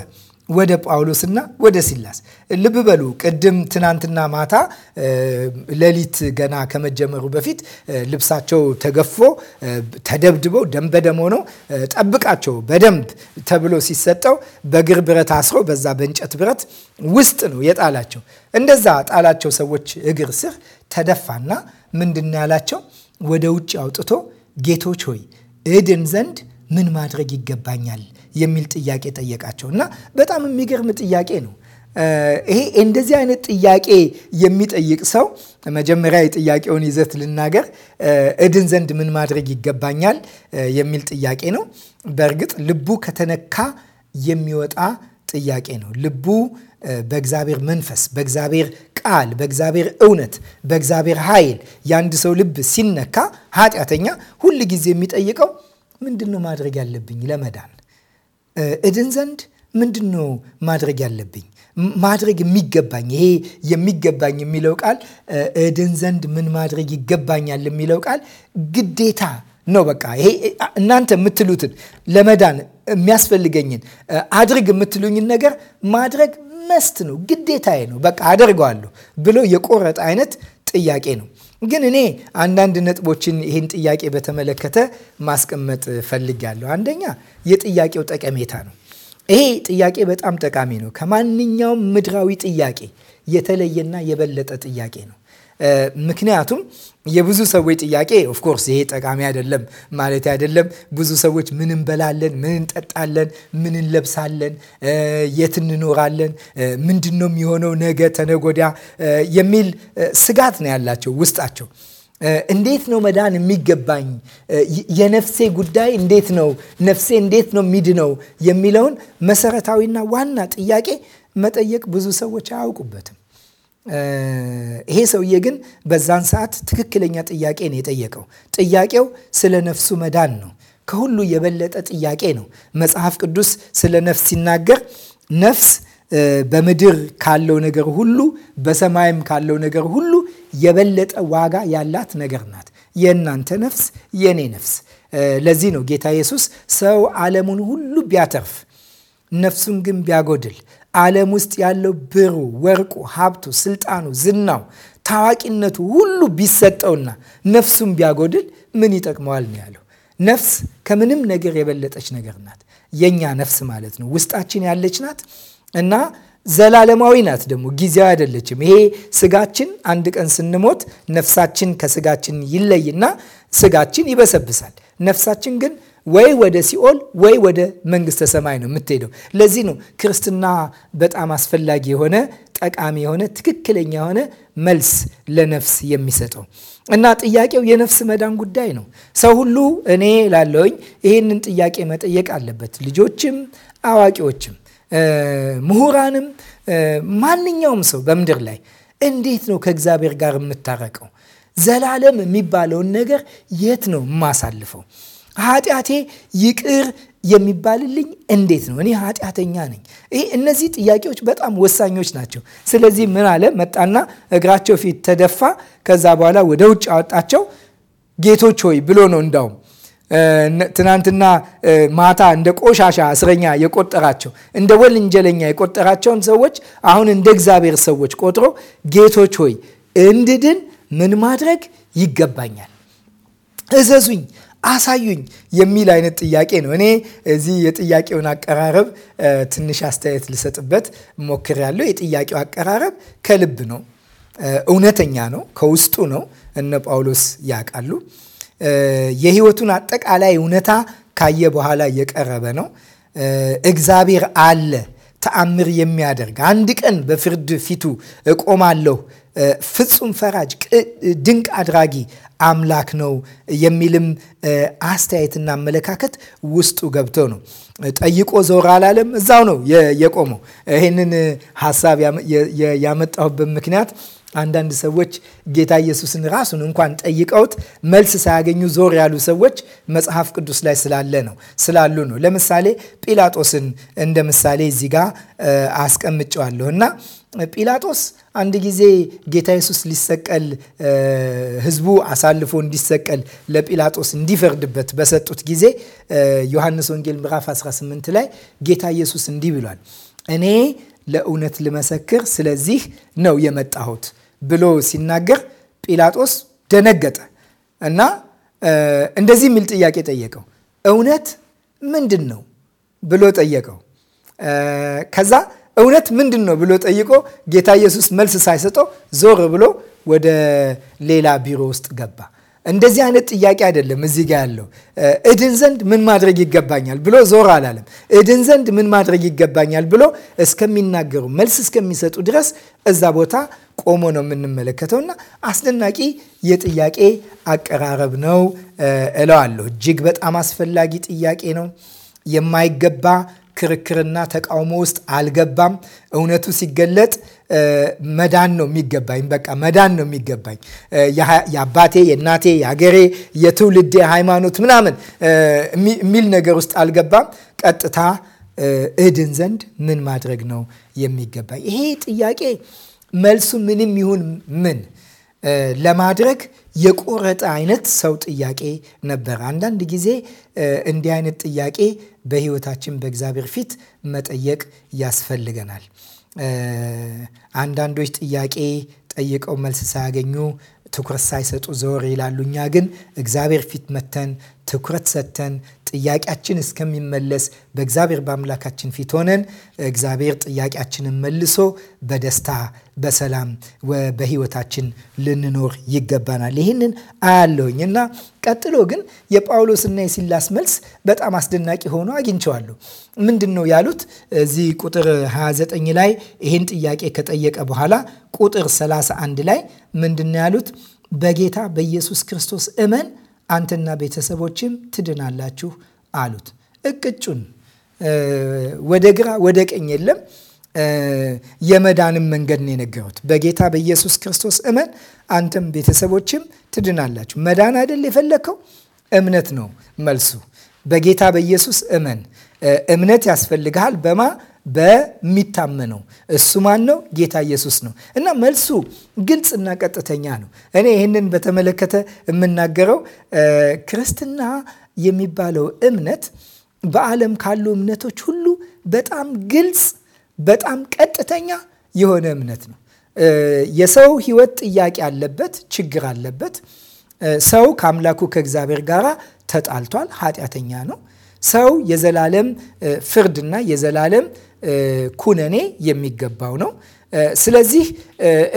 ወደ ጳውሎስና ወደ ሲላስ ልብ በሉ። ቅድም ትናንትና ማታ ሌሊት ገና ከመጀመሩ በፊት ልብሳቸው ተገፎ ተደብድበው ደም በደም ሆነው ጠብቃቸው በደንብ ተብሎ ሲሰጠው በግር ብረት አስረው በዛ በእንጨት ብረት ውስጥ ነው የጣላቸው። እንደዛ ጣላቸው ሰዎች እግር ስር ተደፋና ምንድን ያላቸው ወደ ውጭ አውጥቶ ጌቶች ሆይ እድን ዘንድ ምን ማድረግ ይገባኛል የሚል ጥያቄ ጠየቃቸው እና በጣም የሚገርም ጥያቄ ነው። ይሄ እንደዚህ አይነት ጥያቄ የሚጠይቅ ሰው መጀመሪያ የጥያቄውን ይዘት ልናገር። እድን ዘንድ ምን ማድረግ ይገባኛል የሚል ጥያቄ ነው። በእርግጥ ልቡ ከተነካ የሚወጣ ጥያቄ ነው። ልቡ በእግዚአብሔር መንፈስ፣ በእግዚአብሔር ቃል፣ በእግዚአብሔር እውነት፣ በእግዚአብሔር ኃይል የአንድ ሰው ልብ ሲነካ ኃጢአተኛ ሁል ጊዜ የሚጠይቀው ምንድን ነው ማድረግ ያለብኝ ለመዳን እድን ዘንድ ምንድን ነው ማድረግ ያለብኝ? ማድረግ የሚገባኝ ይሄ የሚገባኝ የሚለው ቃል እድን ዘንድ ምን ማድረግ ይገባኛል የሚለው ቃል ግዴታ ነው። በቃ ይሄ እናንተ የምትሉትን ለመዳን የሚያስፈልገኝን አድርግ የምትሉኝን ነገር ማድረግ መስት ነው፣ ግዴታዬ ነው፣ በቃ አደርገዋለሁ ብሎ የቆረጠ አይነት ጥያቄ ነው። ግን እኔ አንዳንድ ነጥቦችን ይህን ጥያቄ በተመለከተ ማስቀመጥ ፈልጋለሁ። አንደኛ የጥያቄው ጠቀሜታ ነው። ይሄ ጥያቄ በጣም ጠቃሚ ነው። ከማንኛውም ምድራዊ ጥያቄ የተለየና የበለጠ ጥያቄ ነው። ምክንያቱም የብዙ ሰዎች ጥያቄ ኦፍኮርስ ይሄ ጠቃሚ አይደለም ማለት አይደለም። ብዙ ሰዎች ምን እንበላለን፣ ምን እንጠጣለን፣ ምን እንለብሳለን፣ የት እንኖራለን፣ ምንድን ነው የሚሆነው ነገ ተነጎዳ የሚል ስጋት ነው ያላቸው ውስጣቸው። እንዴት ነው መዳን የሚገባኝ? የነፍሴ ጉዳይ እንዴት ነው? ነፍሴ እንዴት ነው የሚድነው? የሚለውን መሰረታዊና ዋና ጥያቄ መጠየቅ ብዙ ሰዎች አያውቁበትም። ይሄ ሰውዬ ግን በዛን ሰዓት ትክክለኛ ጥያቄ ነው የጠየቀው። ጥያቄው ስለ ነፍሱ መዳን ነው። ከሁሉ የበለጠ ጥያቄ ነው። መጽሐፍ ቅዱስ ስለ ነፍስ ሲናገር ነፍስ በምድር ካለው ነገር ሁሉ በሰማይም ካለው ነገር ሁሉ የበለጠ ዋጋ ያላት ነገር ናት። የእናንተ ነፍስ፣ የእኔ ነፍስ። ለዚህ ነው ጌታ ኢየሱስ ሰው ዓለሙን ሁሉ ቢያተርፍ ነፍሱን ግን ቢያጎድል ዓለም ውስጥ ያለው ብሩ፣ ወርቁ፣ ሀብቱ፣ ስልጣኑ፣ ዝናው፣ ታዋቂነቱ ሁሉ ቢሰጠውና ነፍሱን ቢያጎድል ምን ይጠቅመዋል ነው ያለው። ነፍስ ከምንም ነገር የበለጠች ነገር ናት። የኛ ነፍስ ማለት ነው ውስጣችን ያለች ናት እና ዘላለማዊ ናት። ደግሞ ጊዜያዊ አይደለችም። ይሄ ስጋችን አንድ ቀን ስንሞት ነፍሳችን ከስጋችን ይለይና ስጋችን ይበሰብሳል። ነፍሳችን ግን ወይ ወደ ሲኦል ወይ ወደ መንግስተ ሰማይ ነው የምትሄደው። ለዚህ ነው ክርስትና በጣም አስፈላጊ የሆነ ጠቃሚ የሆነ ትክክለኛ የሆነ መልስ ለነፍስ የሚሰጠው እና ጥያቄው የነፍስ መዳን ጉዳይ ነው። ሰው ሁሉ እኔ ላለውኝ ይህንን ጥያቄ መጠየቅ አለበት። ልጆችም፣ አዋቂዎችም፣ ምሁራንም ማንኛውም ሰው በምድር ላይ እንዴት ነው ከእግዚአብሔር ጋር የምታረቀው? ዘላለም የሚባለውን ነገር የት ነው የማሳልፈው? ኃጢአቴ ይቅር የሚባልልኝ እንዴት ነው? እኔ ኃጢአተኛ ነኝ። ይህ እነዚህ ጥያቄዎች በጣም ወሳኞች ናቸው። ስለዚህ ምን አለ? መጣና እግራቸው ፊት ተደፋ። ከዛ በኋላ ወደ ውጭ አወጣቸው። ጌቶች ሆይ ብሎ ነው እንዳውም ትናንትና ማታ እንደ ቆሻሻ እስረኛ የቆጠራቸው እንደ ወንጀለኛ የቆጠራቸውን ሰዎች አሁን እንደ እግዚአብሔር ሰዎች ቆጥሮ ጌቶች ሆይ እንድድን ምን ማድረግ ይገባኛል? እዘዙኝ፣ አሳዩኝ የሚል አይነት ጥያቄ ነው። እኔ እዚህ የጥያቄውን አቀራረብ ትንሽ አስተያየት ልሰጥበት ሞክሬያለሁ። የጥያቄው አቀራረብ ከልብ ነው፣ እውነተኛ ነው፣ ከውስጡ ነው። እነ ጳውሎስ ያውቃሉ። የህይወቱን አጠቃላይ እውነታ ካየ በኋላ የቀረበ ነው። እግዚአብሔር አለ ተአምር የሚያደርግ አንድ ቀን በፍርድ ፊቱ እቆማለሁ ፍጹም ፈራጅ፣ ድንቅ አድራጊ አምላክ ነው የሚልም አስተያየትና አመለካከት ውስጡ ገብቶ ነው። ጠይቆ ዞር አላለም። እዛው ነው የቆመው። ይህንን ሀሳብ ያመጣሁበት ምክንያት አንዳንድ ሰዎች ጌታ ኢየሱስን ራሱን እንኳን ጠይቀውት መልስ ሳያገኙ ዞር ያሉ ሰዎች መጽሐፍ ቅዱስ ላይ ስላለ ነው ስላሉ ነው። ለምሳሌ ጲላጦስን እንደ ምሳሌ እዚህ ጋር አስቀምጨዋለሁ እና ጲላጦስ አንድ ጊዜ ጌታ ኢየሱስ ሊሰቀል ሕዝቡ አሳልፎ እንዲሰቀል ለጲላጦስ እንዲፈርድበት በሰጡት ጊዜ ዮሐንስ ወንጌል ምዕራፍ 18 ላይ ጌታ ኢየሱስ እንዲህ ብሏል እኔ ለእውነት ልመሰክር ስለዚህ ነው የመጣሁት ብሎ ሲናገር ጲላጦስ ደነገጠ እና እንደዚህ የሚል ጥያቄ ጠየቀው። እውነት ምንድን ነው ብሎ ጠየቀው። ከዛ እውነት ምንድን ነው ብሎ ጠይቆ ጌታ ኢየሱስ መልስ ሳይሰጠው ዞር ብሎ ወደ ሌላ ቢሮ ውስጥ ገባ። እንደዚህ አይነት ጥያቄ አይደለም እዚህ ጋር ያለው። እድን ዘንድ ምን ማድረግ ይገባኛል ብሎ ዞር አላለም። እድን ዘንድ ምን ማድረግ ይገባኛል ብሎ እስከሚናገሩ መልስ እስከሚሰጡ ድረስ እዛ ቦታ ቆሞ ነው የምንመለከተው እና አስደናቂ የጥያቄ አቀራረብ ነው እለዋለሁ። እጅግ በጣም አስፈላጊ ጥያቄ ነው። የማይገባ ክርክርና ተቃውሞ ውስጥ አልገባም። እውነቱ ሲገለጥ መዳን ነው የሚገባኝ። በቃ መዳን ነው የሚገባኝ። የአባቴ፣ የእናቴ፣ የአገሬ፣ የትውልዴ ሃይማኖት ምናምን የሚል ነገር ውስጥ አልገባም። ቀጥታ እድን ዘንድ ምን ማድረግ ነው የሚገባኝ? ይሄ ጥያቄ መልሱ ምንም ይሁን ምን ለማድረግ የቆረጠ አይነት ሰው ጥያቄ ነበር። አንዳንድ ጊዜ እንዲህ አይነት ጥያቄ በህይወታችን በእግዚአብሔር ፊት መጠየቅ ያስፈልገናል። አንዳንዶች ጥያቄ ጠይቀው መልስ ሳያገኙ ትኩረት ሳይሰጡ ዘወር ይላሉ። እኛ ግን እግዚአብሔር ፊት መተን ትኩረት ሰተን? ጥያቄያችን እስከሚመለስ በእግዚአብሔር በአምላካችን ፊት ሆነን እግዚአብሔር ጥያቄያችንን መልሶ በደስታ በሰላም በሕይወታችን ልንኖር ይገባናል። ይህንን አያለሁኝ እና ቀጥሎ ግን የጳውሎስና የሲላስ መልስ በጣም አስደናቂ ሆኖ አግኝቸዋለሁ። ምንድን ነው ያሉት? እዚህ ቁጥር 29 ላይ ይህን ጥያቄ ከጠየቀ በኋላ ቁጥር 31 ላይ ምንድን ነው ያሉት? በጌታ በኢየሱስ ክርስቶስ እመን አንተና ቤተሰቦችም ትድናላችሁ አሉት። እቅጩን ወደ ግራ ወደ ቀኝ የለም። የመዳንም መንገድ ነው የነገሩት። በጌታ በኢየሱስ ክርስቶስ እመን፣ አንተም ቤተሰቦችም ትድናላችሁ። መዳን አይደል የፈለከው? እምነት ነው መልሱ። በጌታ በኢየሱስ እመን። እምነት ያስፈልግሃል። በማ በሚታመነው እሱ ማን ነው? ጌታ ኢየሱስ ነው። እና መልሱ ግልጽና ቀጥተኛ ነው። እኔ ይህንን በተመለከተ የምናገረው ክርስትና የሚባለው እምነት በዓለም ካሉ እምነቶች ሁሉ በጣም ግልጽ፣ በጣም ቀጥተኛ የሆነ እምነት ነው። የሰው ሕይወት ጥያቄ አለበት፣ ችግር አለበት። ሰው ከአምላኩ ከእግዚአብሔር ጋር ተጣልቷል፣ ኃጢአተኛ ነው። ሰው የዘላለም ፍርድና የዘላለም ኩነኔ የሚገባው ነው። ስለዚህ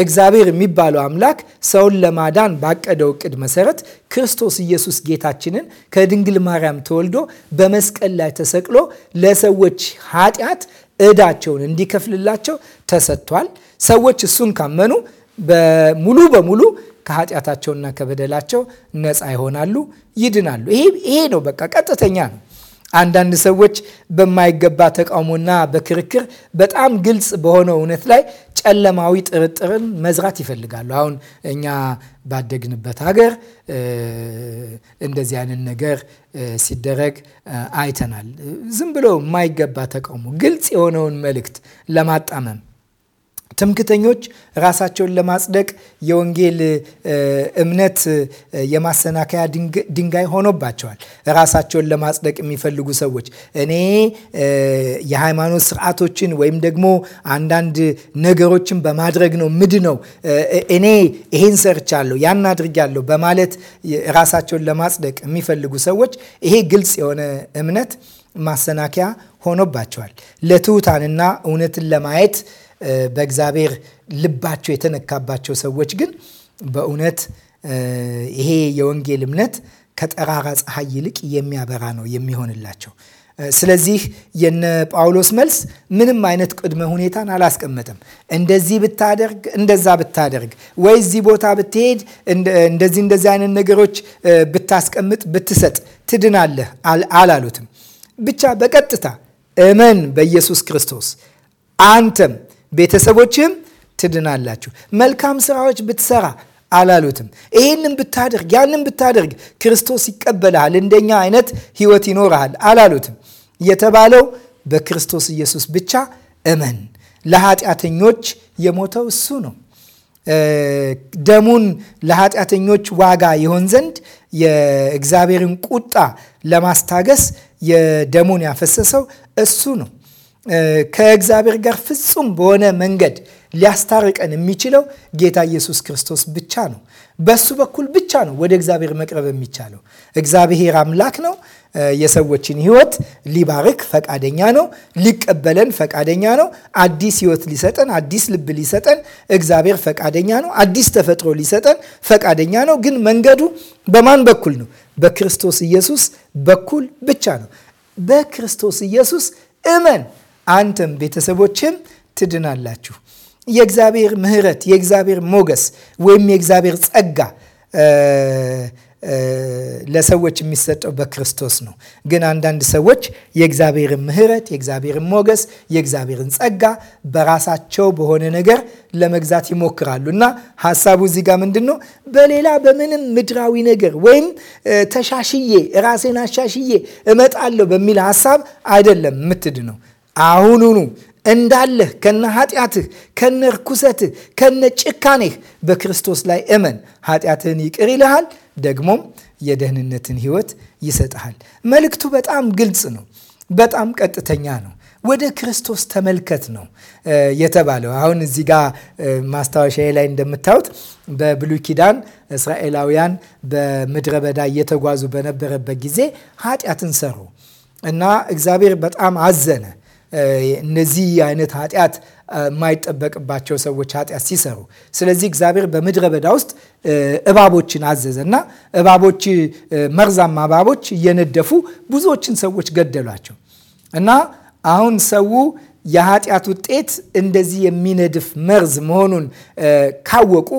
እግዚአብሔር የሚባለው አምላክ ሰውን ለማዳን ባቀደው እቅድ መሰረት ክርስቶስ ኢየሱስ ጌታችንን ከድንግል ማርያም ተወልዶ በመስቀል ላይ ተሰቅሎ ለሰዎች ኃጢአት እዳቸውን እንዲከፍልላቸው ተሰጥቷል። ሰዎች እሱን ካመኑ ሙሉ በሙሉ ከኃጢአታቸውና ከበደላቸው ነፃ ይሆናሉ፣ ይድናሉ። ይሄ ነው፣ በቃ ቀጥተኛ ነው። አንዳንድ ሰዎች በማይገባ ተቃውሞና በክርክር በጣም ግልጽ በሆነው እውነት ላይ ጨለማዊ ጥርጥርን መዝራት ይፈልጋሉ። አሁን እኛ ባደግንበት ሀገር እንደዚህ አይነት ነገር ሲደረግ አይተናል። ዝም ብሎ የማይገባ ተቃውሞ ግልጽ የሆነውን መልእክት ለማጣመም ትምክተኞች ራሳቸውን ለማጽደቅ የወንጌል እምነት የማሰናከያ ድንጋይ ሆኖባቸዋል። ራሳቸውን ለማጽደቅ የሚፈልጉ ሰዎች እኔ የሃይማኖት ስርዓቶችን ወይም ደግሞ አንዳንድ ነገሮችን በማድረግ ነው ምድ ነው እኔ ይሄን ሰርቻለሁ ያን አድርጊያለሁ በማለት ራሳቸውን ለማጽደቅ የሚፈልጉ ሰዎች ይሄ ግልጽ የሆነ እምነት ማሰናከያ ሆኖባቸዋል። ለትሑታንና እውነትን ለማየት በእግዚአብሔር ልባቸው የተነካባቸው ሰዎች ግን በእውነት ይሄ የወንጌል እምነት ከጠራራ ፀሐይ ይልቅ የሚያበራ ነው የሚሆንላቸው። ስለዚህ የነ ጳውሎስ መልስ ምንም አይነት ቅድመ ሁኔታን አላስቀመጠም። እንደዚህ ብታደርግ፣ እንደዛ ብታደርግ፣ ወይ እዚህ ቦታ ብትሄድ፣ እንደዚህ እንደዚህ አይነት ነገሮች ብታስቀምጥ፣ ብትሰጥ ትድናለህ አላሉትም። ብቻ በቀጥታ እመን በኢየሱስ ክርስቶስ አንተም ቤተሰቦችም ትድናላችሁ። መልካም ስራዎች ብትሰራ አላሉትም። ይህንም ብታደርግ ያንም ብታደርግ ክርስቶስ ይቀበልሃል፣ እንደኛ አይነት ህይወት ይኖርሃል አላሉትም። የተባለው በክርስቶስ ኢየሱስ ብቻ እመን። ለኃጢአተኞች የሞተው እሱ ነው። ደሙን ለኃጢአተኞች ዋጋ ይሆን ዘንድ የእግዚአብሔርን ቁጣ ለማስታገስ የደሙን ያፈሰሰው እሱ ነው። ከእግዚአብሔር ጋር ፍጹም በሆነ መንገድ ሊያስታርቀን የሚችለው ጌታ ኢየሱስ ክርስቶስ ብቻ ነው። በሱ በኩል ብቻ ነው ወደ እግዚአብሔር መቅረብ የሚቻለው። እግዚአብሔር አምላክ ነው። የሰዎችን ሕይወት ሊባርክ ፈቃደኛ ነው። ሊቀበለን ፈቃደኛ ነው። አዲስ ሕይወት ሊሰጠን፣ አዲስ ልብ ሊሰጠን እግዚአብሔር ፈቃደኛ ነው። አዲስ ተፈጥሮ ሊሰጠን ፈቃደኛ ነው። ግን መንገዱ በማን በኩል ነው? በክርስቶስ ኢየሱስ በኩል ብቻ ነው። በክርስቶስ ኢየሱስ እመን አንተም ቤተሰቦችም ትድናላችሁ። የእግዚአብሔር ምሕረት፣ የእግዚአብሔር ሞገስ ወይም የእግዚአብሔር ጸጋ ለሰዎች የሚሰጠው በክርስቶስ ነው። ግን አንዳንድ ሰዎች የእግዚአብሔርን ምሕረት፣ የእግዚአብሔርን ሞገስ፣ የእግዚአብሔርን ጸጋ በራሳቸው በሆነ ነገር ለመግዛት ይሞክራሉ እና ሀሳቡ እዚህ ጋር ምንድን ነው? በሌላ በምንም ምድራዊ ነገር ወይም ተሻሽዬ ራሴን አሻሽዬ እመጣለሁ በሚል ሀሳብ አይደለም የምትድነው። አሁኑኑ እንዳለህ ከነ ኃጢአትህ ከነ ርኩሰትህ ከነ ጭካኔህ በክርስቶስ ላይ እመን። ኃጢአትህን ይቅር ይልሃል፣ ደግሞም የደህንነትን ህይወት ይሰጥሃል። መልእክቱ በጣም ግልጽ ነው፣ በጣም ቀጥተኛ ነው። ወደ ክርስቶስ ተመልከት ነው የተባለው። አሁን እዚህ ጋር ማስታወሻዬ ላይ እንደምታዩት በብሉይ ኪዳን እስራኤላውያን በምድረ በዳ እየተጓዙ በነበረበት ጊዜ ኃጢአትን ሰሩ እና እግዚአብሔር በጣም አዘነ። እነዚህ አይነት ኃጢአት የማይጠበቅባቸው ሰዎች ኃጢአት ሲሰሩ። ስለዚህ እግዚአብሔር በምድረ በዳ ውስጥ እባቦችን አዘዘ እና እባቦች መርዛማ እባቦች እየነደፉ ብዙዎችን ሰዎች ገደሏቸው እና አሁን ሰው የኃጢአት ውጤት እንደዚህ የሚነድፍ መርዝ መሆኑን ካወቁ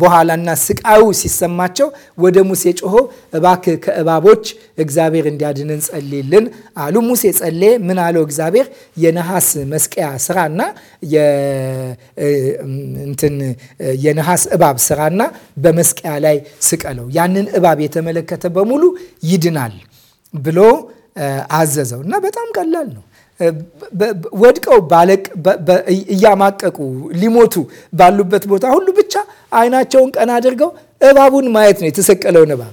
በኋላና ስቃዩ ሲሰማቸው ወደ ሙሴ ጮሆ እባክህ ከእባቦች እግዚአብሔር እንዲያድንን ጸልይልን አሉ። ሙሴ ጸለየ። ምን አለው እግዚአብሔር? የነሐስ መስቀያ ስራና እንትን የነሐስ እባብ ስራና በመስቀያ ላይ ስቀለው፣ ያንን እባብ የተመለከተ በሙሉ ይድናል ብሎ አዘዘው እና በጣም ቀላል ነው ወድቀው ባለቅ እያማቀቁ ሊሞቱ ባሉበት ቦታ ሁሉ ብቻ አይናቸውን ቀና አድርገው እባቡን ማየት ነው፣ የተሰቀለውን እባብ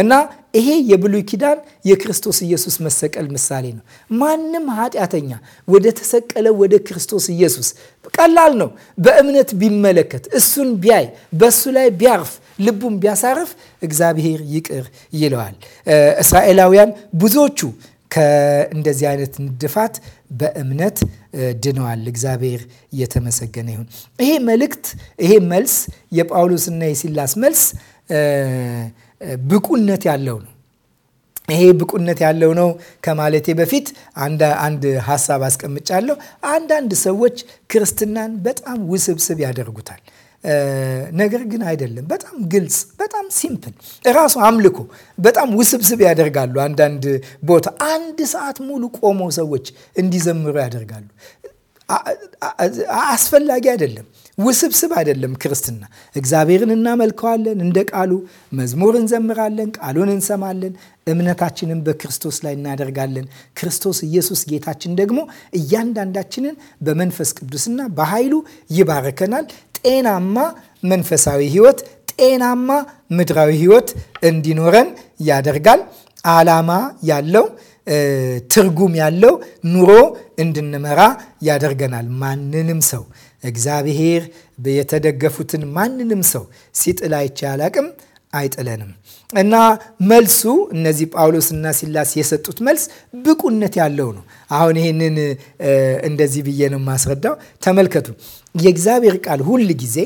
እና ይሄ የብሉይ ኪዳን የክርስቶስ ኢየሱስ መሰቀል ምሳሌ ነው። ማንም ኃጢአተኛ ወደ ተሰቀለ ወደ ክርስቶስ ኢየሱስ ቀላል ነው። በእምነት ቢመለከት፣ እሱን ቢያይ፣ በእሱ ላይ ቢያርፍ፣ ልቡን ቢያሳርፍ እግዚአብሔር ይቅር ይለዋል። እስራኤላውያን ብዙዎቹ ከእንደዚህ አይነት ንድፋት በእምነት ድነዋል። እግዚአብሔር እየተመሰገነ ይሁን። ይሄ መልእክት፣ ይሄ መልስ የጳውሎስና የሲላስ መልስ ብቁነት ያለው ነው። ይሄ ብቁነት ያለው ነው ከማለቴ በፊት አንድ ሀሳብ አስቀምጫለሁ። አንዳንድ ሰዎች ክርስትናን በጣም ውስብስብ ያደርጉታል። ነገር ግን አይደለም። በጣም ግልጽ፣ በጣም ሲምፕል። እራሱ አምልኮ በጣም ውስብስብ ያደርጋሉ። አንዳንድ ቦታ አንድ ሰዓት ሙሉ ቆመው ሰዎች እንዲዘምሩ ያደርጋሉ። አስፈላጊ አይደለም። ውስብስብ አይደለም። ክርስትና እግዚአብሔርን እናመልከዋለን፣ እንደ ቃሉ መዝሙር እንዘምራለን፣ ቃሉን እንሰማለን፣ እምነታችንን በክርስቶስ ላይ እናደርጋለን። ክርስቶስ ኢየሱስ ጌታችን ደግሞ እያንዳንዳችንን በመንፈስ ቅዱስና በኃይሉ ይባርከናል። ጤናማ መንፈሳዊ ህይወት፣ ጤናማ ምድራዊ ህይወት እንዲኖረን ያደርጋል። ዓላማ ያለው ትርጉም ያለው ኑሮ እንድንመራ ያደርገናል። ማንንም ሰው እግዚአብሔር የተደገፉትን ማንንም ሰው ሲጥል አይቼ አላቅም። አይጥለንም እና መልሱ እነዚህ ጳውሎስና ሲላስ የሰጡት መልስ ብቁነት ያለው ነው። አሁን ይህንን እንደዚህ ብዬ ነው የማስረዳው። ተመልከቱ፣ የእግዚአብሔር ቃል ሁል ጊዜ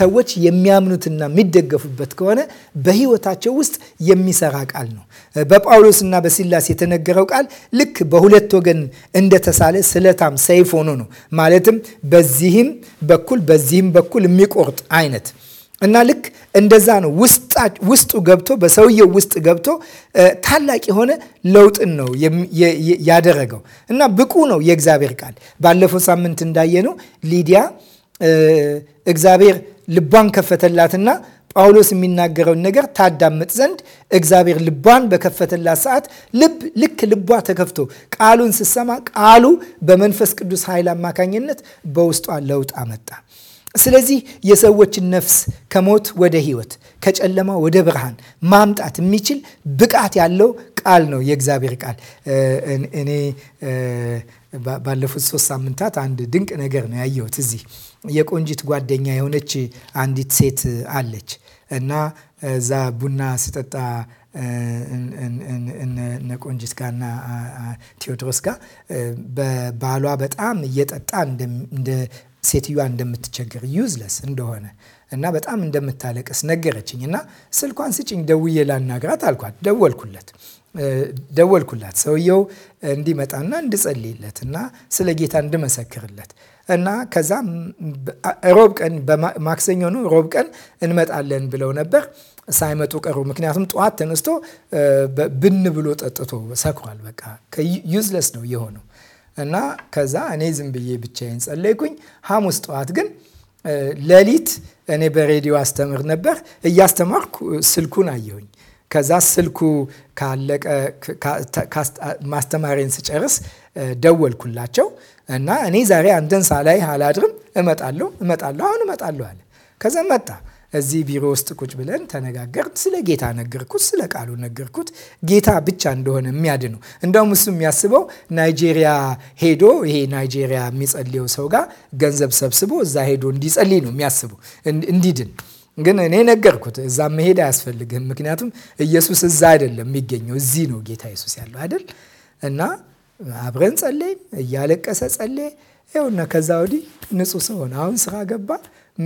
ሰዎች የሚያምኑትና የሚደገፉበት ከሆነ በሕይወታቸው ውስጥ የሚሰራ ቃል ነው። በጳውሎስና በሲላስ የተነገረው ቃል ልክ በሁለት ወገን እንደተሳለ ስለታም ሰይፍ ሆኖ ነው። ማለትም በዚህም በኩል በዚህም በኩል የሚቆርጥ አይነት እና ልክ እንደዛ ነው ውስጡ ገብቶ በሰውየው ውስጥ ገብቶ ታላቅ የሆነ ለውጥን ነው ያደረገው እና ብቁ ነው የእግዚአብሔር ቃል። ባለፈው ሳምንት እንዳየነው ሊዲያ እግዚአብሔር ልቧን ከፈተላትና ጳውሎስ የሚናገረውን ነገር ታዳምጥ ዘንድ እግዚአብሔር ልቧን በከፈተላት ሰዓት ልብ ልክ ልቧ ተከፍቶ ቃሉን ስትሰማ ቃሉ በመንፈስ ቅዱስ ኃይል አማካኝነት በውስጧ ለውጥ አመጣ። ስለዚህ የሰዎችን ነፍስ ከሞት ወደ ህይወት ከጨለማ ወደ ብርሃን ማምጣት የሚችል ብቃት ያለው ቃል ነው የእግዚአብሔር ቃል። እኔ ባለፉት ሶስት ሳምንታት አንድ ድንቅ ነገር ነው ያየሁት። እዚህ የቆንጂት ጓደኛ የሆነች አንዲት ሴት አለች እና እዛ ቡና ስጠጣ እነ ቆንጂት ጋር እና ቴዎድሮስ ጋር በባሏ በጣም እየጠጣ ሴትዮዋ እንደምትቸገር ዩዝለስ እንደሆነ እና በጣም እንደምታለቅስ ነገረችኝ። እና ስልኳን ስጭኝ ደውዬ ላናግራት አልኳት። ደወልኩለት ደወልኩላት ሰውየው እንዲመጣና እንድጸልይለት እና ስለ ጌታ እንድመሰክርለት እና ከዛ ሮብ ቀን ማክሰኞ ነው ሮብ ቀን እንመጣለን ብለው ነበር። ሳይመጡ ቀሩ። ምክንያቱም ጠዋት ተነስቶ ብን ብሎ ጠጥቶ ሰክሯል። በቃ ዩዝለስ ነው የሆነው እና ከዛ እኔ ዝም ብዬ ብቻዬን ጸለይኩኝ። ሐሙስ ጠዋት ግን ሌሊት እኔ በሬዲዮ አስተምር ነበር። እያስተማርኩ ስልኩን አየሁኝ። ከዛ ስልኩ ካለቀ ማስተማሪን ስጨርስ ደወልኩላቸው እና እኔ ዛሬ አንድን ሳላይ አላድርም፣ እመጣለሁ እመጣለሁ አሁን እመጣለሁ አለ። ከዛ መጣ እዚህ ቢሮ ውስጥ ቁጭ ብለን ተነጋገር። ስለ ጌታ ነገርኩት፣ ስለ ቃሉ ነገርኩት። ጌታ ብቻ እንደሆነ የሚያድኑ እንደውም እሱ የሚያስበው ናይጄሪያ ሄዶ ይሄ ናይጄሪያ የሚጸልየው ሰው ጋር ገንዘብ ሰብስቦ እዛ ሄዶ እንዲጸልይ ነው የሚያስቡ እንዲድን ግን እኔ ነገርኩት፣ እዛ መሄድ አያስፈልግህም። ምክንያቱም ኢየሱስ እዛ አይደለም የሚገኘው፣ እዚህ ነው ጌታ ኢየሱስ ያለው አይደል? እና አብረን ጸለይ፣ እያለቀሰ ጸለይ። ይኸውና ከዛ ወዲህ ንጹህ ሰው ሆነ። አሁን ስራ ገባ።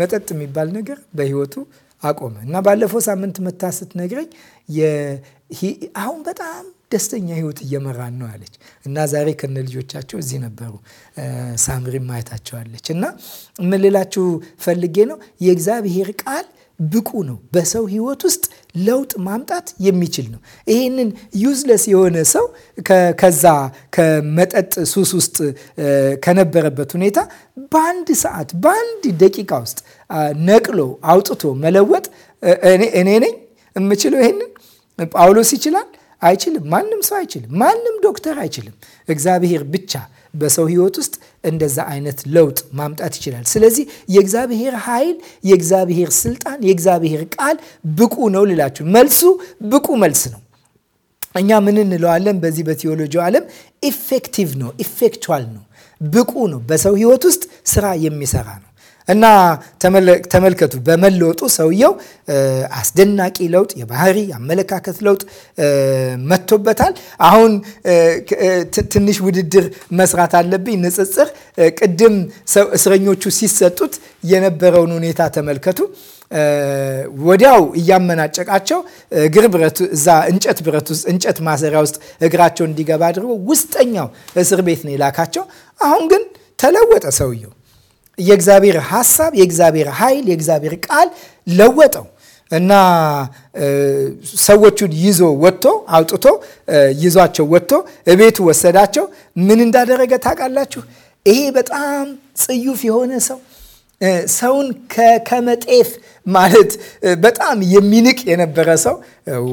መጠጥ የሚባል ነገር በህይወቱ አቆመ እና ባለፈው ሳምንት መታ ስትነግረኝ አሁን በጣም ደስተኛ ህይወት እየመራን ነው አለች እና ዛሬ ከነ ልጆቻቸው እዚህ ነበሩ። ሳምሪ ማየታቸዋለች እና ምን ፈልጌ ነው የእግዚአብሔር ቃል ብቁ ነው። በሰው ህይወት ውስጥ ለውጥ ማምጣት የሚችል ነው። ይህንን ዩዝለስ የሆነ ሰው ከዛ ከመጠጥ ሱስ ውስጥ ከነበረበት ሁኔታ በአንድ ሰዓት በአንድ ደቂቃ ውስጥ ነቅሎ አውጥቶ መለወጥ እኔ ነኝ የምችለው። ይህንን ጳውሎስ ይችላል? አይችልም። ማንም ሰው አይችልም። ማንም ዶክተር አይችልም። እግዚአብሔር ብቻ በሰው ህይወት ውስጥ እንደዛ አይነት ለውጥ ማምጣት ይችላል። ስለዚህ የእግዚአብሔር ኃይል፣ የእግዚአብሔር ስልጣን፣ የእግዚአብሔር ቃል ብቁ ነው ልላችሁ፣ መልሱ ብቁ መልስ ነው። እኛ ምን እንለዋለን? በዚህ በቴዎሎጂ ዓለም ኢፌክቲቭ ነው፣ ኢፌክቹዋል ነው፣ ብቁ ነው፣ በሰው ህይወት ውስጥ ስራ የሚሰራ ነው። እና ተመልከቱ በመለወጡ ሰውየው አስደናቂ ለውጥ የባህሪ አመለካከት ለውጥ መጥቶበታል። አሁን ትንሽ ውድድር መስራት አለብኝ፣ ንጽጽር። ቅድም እስረኞቹ ሲሰጡት የነበረውን ሁኔታ ተመልከቱ። ወዲያው እያመናጨቃቸው እግር ብረቱ እዛ እንጨት ብረት ውስጥ እንጨት ማሰሪያ ውስጥ እግራቸው እንዲገባ አድርጎ ውስጠኛው እስር ቤት ነው የላካቸው። አሁን ግን ተለወጠ ሰውየው የእግዚአብሔር ሀሳብ፣ የእግዚአብሔር ኃይል፣ የእግዚአብሔር ቃል ለወጠው እና ሰዎቹን ይዞ ወጥቶ አውጥቶ ይዟቸው ወጥቶ እቤቱ ወሰዳቸው። ምን እንዳደረገ ታውቃላችሁ? ይሄ በጣም ጽዩፍ የሆነ ሰው ሰውን ከመጤፍ ማለት በጣም የሚንቅ የነበረ ሰው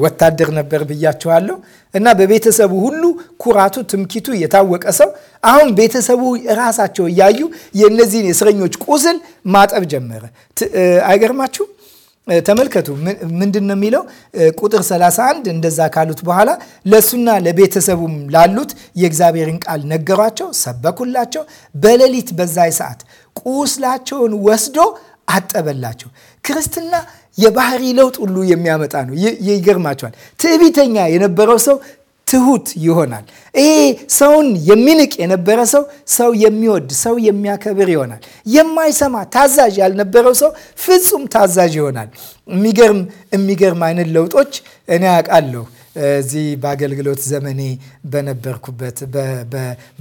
ወታደር ነበር ብያችኋለሁ። እና በቤተሰቡ ሁሉ ኩራቱ፣ ትምኪቱ የታወቀ ሰው አሁን ቤተሰቡ ራሳቸው እያዩ የእነዚህን የእስረኞች ቁስል ማጠብ ጀመረ። አይገርማችሁ? ተመልከቱ ምንድን ነው የሚለው? ቁጥር 31 እንደዛ ካሉት በኋላ ለእሱና ለቤተሰቡም ላሉት የእግዚአብሔርን ቃል ነገሯቸው፣ ሰበኩላቸው። በሌሊት በዛ ሰዓት ቁስላቸውን ወስዶ አጠበላቸው። ክርስትና የባህሪ ለውጥ ሁሉ የሚያመጣ ነው። ይገርማቸዋል። ትዕቢተኛ የነበረው ሰው ትሁት ይሆናል። ይሄ ሰውን የሚንቅ የነበረ ሰው ሰው የሚወድ ሰው የሚያከብር ይሆናል። የማይሰማ ታዛዥ ያልነበረው ሰው ፍጹም ታዛዥ ይሆናል። የሚገርም የሚገርም አይነት ለውጦች እኔ አውቃለሁ። እዚህ በአገልግሎት ዘመኔ በነበርኩበት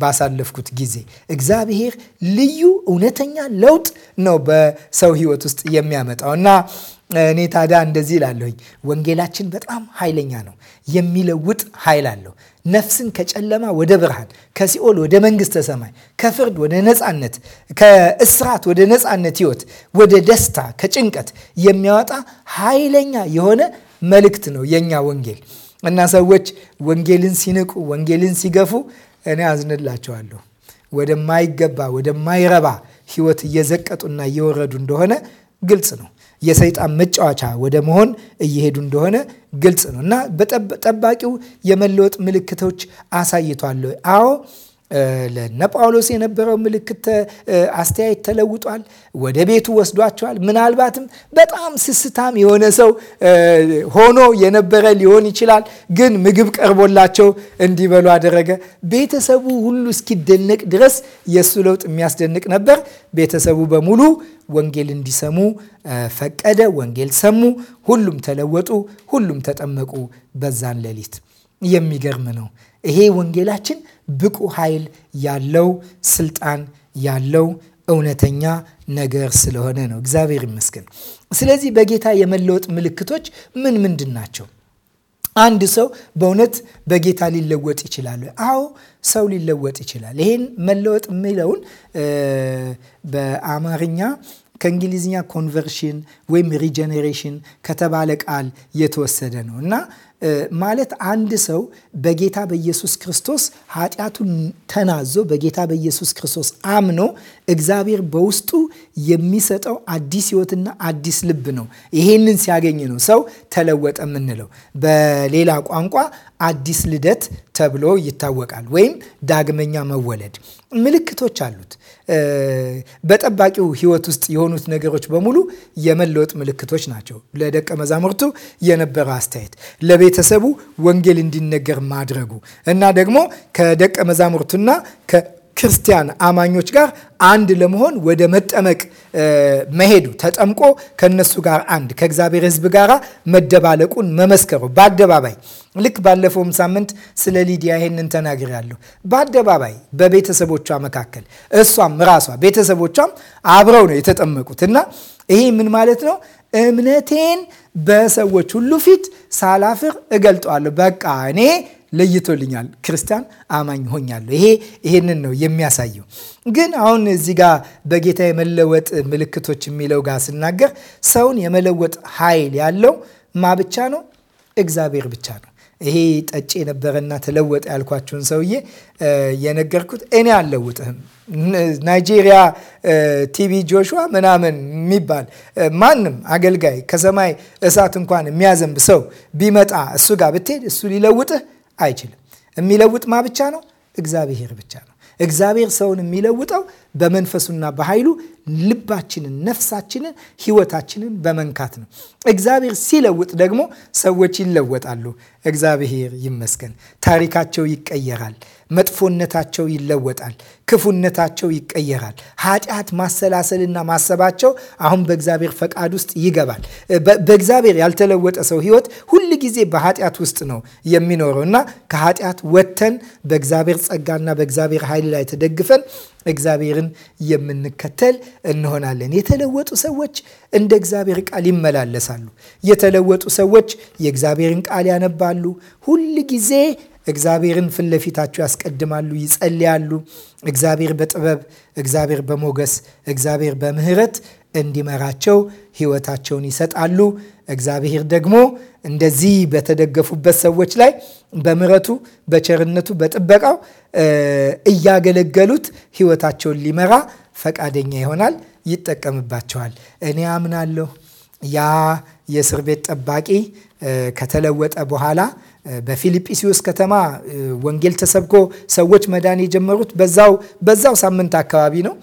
ባሳለፍኩት ጊዜ እግዚአብሔር ልዩ እውነተኛ ለውጥ ነው በሰው ሕይወት ውስጥ የሚያመጣው እና እኔ ታዲያ እንደዚህ እላለሁኝ። ወንጌላችን በጣም ኃይለኛ ነው። የሚለውጥ ኃይል አለው። ነፍስን ከጨለማ ወደ ብርሃን፣ ከሲኦል ወደ መንግስት ሰማይ፣ ከፍርድ ወደ ነፃነት፣ ከእስራት ወደ ነፃነት ህይወት፣ ወደ ደስታ ከጭንቀት የሚያወጣ ኃይለኛ የሆነ መልእክት ነው የእኛ ወንጌል። እና ሰዎች ወንጌልን ሲንቁ፣ ወንጌልን ሲገፉ እኔ አዝንላቸዋለሁ። ወደማይገባ ወደማይረባ ህይወት እየዘቀጡና እየወረዱ እንደሆነ ግልጽ ነው። የሰይጣን መጫወቻ ወደ መሆን እየሄዱ እንደሆነ ግልጽ ነው እና ጠባቂው የመለወጥ ምልክቶች አሳይቷል። አዎ ለነ ጳውሎስ የነበረው ምልክት አስተያየት ተለውጧል። ወደ ቤቱ ወስዷቸዋል። ምናልባትም በጣም ስስታም የሆነ ሰው ሆኖ የነበረ ሊሆን ይችላል። ግን ምግብ ቀርቦላቸው እንዲበሉ አደረገ። ቤተሰቡ ሁሉ እስኪደነቅ ድረስ የእሱ ለውጥ የሚያስደንቅ ነበር። ቤተሰቡ በሙሉ ወንጌል እንዲሰሙ ፈቀደ። ወንጌል ሰሙ። ሁሉም ተለወጡ። ሁሉም ተጠመቁ። በዛን ሌሊት የሚገርም ነው። ይሄ ወንጌላችን ብቁ ኃይል ያለው ስልጣን ያለው እውነተኛ ነገር ስለሆነ ነው። እግዚአብሔር ይመስገን። ስለዚህ በጌታ የመለወጥ ምልክቶች ምን ምንድን ናቸው? አንድ ሰው በእውነት በጌታ ሊለወጥ ይችላል። አዎ ሰው ሊለወጥ ይችላል። ይህን መለወጥ የሚለውን በአማርኛ ከእንግሊዝኛ ኮንቨርሽን ወይም ሪጀኔሬሽን ከተባለ ቃል የተወሰደ ነው እና ማለት አንድ ሰው በጌታ በኢየሱስ ክርስቶስ ኃጢአቱን ተናዞ በጌታ በኢየሱስ ክርስቶስ አምኖ እግዚአብሔር በውስጡ የሚሰጠው አዲስ ሕይወትና አዲስ ልብ ነው። ይሄንን ሲያገኝ ነው ሰው ተለወጠ የምንለው። በሌላ ቋንቋ አዲስ ልደት ተብሎ ይታወቃል፣ ወይም ዳግመኛ መወለድ። ምልክቶች አሉት። በጠባቂው ሕይወት ውስጥ የሆኑት ነገሮች በሙሉ የመለወጥ ምልክቶች ናቸው። ለደቀ መዛሙርቱ የነበረ አስተያየት፣ ለቤተሰቡ ወንጌል እንዲነገር ማድረጉ እና ደግሞ ከደቀ መዛሙርቱና ክርስቲያን አማኞች ጋር አንድ ለመሆን ወደ መጠመቅ መሄዱ ተጠምቆ ከነሱ ጋር አንድ ከእግዚአብሔር ሕዝብ ጋር መደባለቁን መመስከሩ በአደባባይ ልክ ባለፈውም ሳምንት ስለ ሊዲያ ይሄንን ተናግሬያለሁ። በአደባባይ በቤተሰቦቿ መካከል እሷም ራሷ ቤተሰቦቿም አብረው ነው የተጠመቁት እና ይሄ ምን ማለት ነው? እምነቴን በሰዎች ሁሉ ፊት ሳላፍር እገልጠዋለሁ። በቃ እኔ ለይቶልኛል፣ ክርስቲያን አማኝ ሆኛለሁ። ይሄ ይሄንን ነው የሚያሳየው። ግን አሁን እዚህ ጋር በጌታ የመለወጥ ምልክቶች የሚለው ጋር ስናገር ሰውን የመለወጥ ኃይል ያለው ማ ብቻ ነው? እግዚአብሔር ብቻ ነው። ይሄ ጠጭ የነበረና ተለወጠ ያልኳችሁን ሰውዬ የነገርኩት እኔ አልለውጥህም። ናይጄሪያ ቲቪ ጆሹዋ ምናምን የሚባል ማንም አገልጋይ ከሰማይ እሳት እንኳን የሚያዘንብ ሰው ቢመጣ እሱ ጋር ብትሄድ እሱ ሊለውጥህ አይችልም። የሚለውጥ ማ ብቻ ነው? እግዚአብሔር ብቻ ነው። እግዚአብሔር ሰውን የሚለውጠው በመንፈሱና በኃይሉ ልባችንን፣ ነፍሳችንን፣ ህይወታችንን በመንካት ነው። እግዚአብሔር ሲለውጥ ደግሞ ሰዎች ይለወጣሉ። እግዚአብሔር ይመስገን። ታሪካቸው ይቀየራል። መጥፎነታቸው ይለወጣል፣ ክፉነታቸው ይቀየራል። ኃጢአት ማሰላሰልና ማሰባቸው አሁን በእግዚአብሔር ፈቃድ ውስጥ ይገባል። በእግዚአብሔር ያልተለወጠ ሰው ህይወት ሁል ጊዜ በኃጢአት ውስጥ ነው የሚኖረው እና ከኃጢአት ወጥተን በእግዚአብሔር ጸጋና በእግዚአብሔር ኃይል ላይ ተደግፈን እግዚአብሔርን የምንከተል እንሆናለን። የተለወጡ ሰዎች እንደ እግዚአብሔር ቃል ይመላለሳሉ። የተለወጡ ሰዎች የእግዚአብሔርን ቃል ያነባሉ ሁል ጊዜ እግዚአብሔርን ፊት ለፊታቸው ያስቀድማሉ፣ ይጸልያሉ። እግዚአብሔር በጥበብ እግዚአብሔር በሞገስ እግዚአብሔር በምሕረት እንዲመራቸው ሕይወታቸውን ይሰጣሉ። እግዚአብሔር ደግሞ እንደዚህ በተደገፉበት ሰዎች ላይ በምሕረቱ በቸርነቱ፣ በጥበቃው እያገለገሉት ሕይወታቸውን ሊመራ ፈቃደኛ ይሆናል፣ ይጠቀምባቸዋል። እኔ አምናለሁ ያ የእስር ቤት ጠባቂ ከተለወጠ በኋላ በፊልጵስዩስ ከተማ ወንጌል ተሰብኮ ሰዎች መዳን የጀመሩት በዛው በዛው ሳምንት አካባቢ ነው።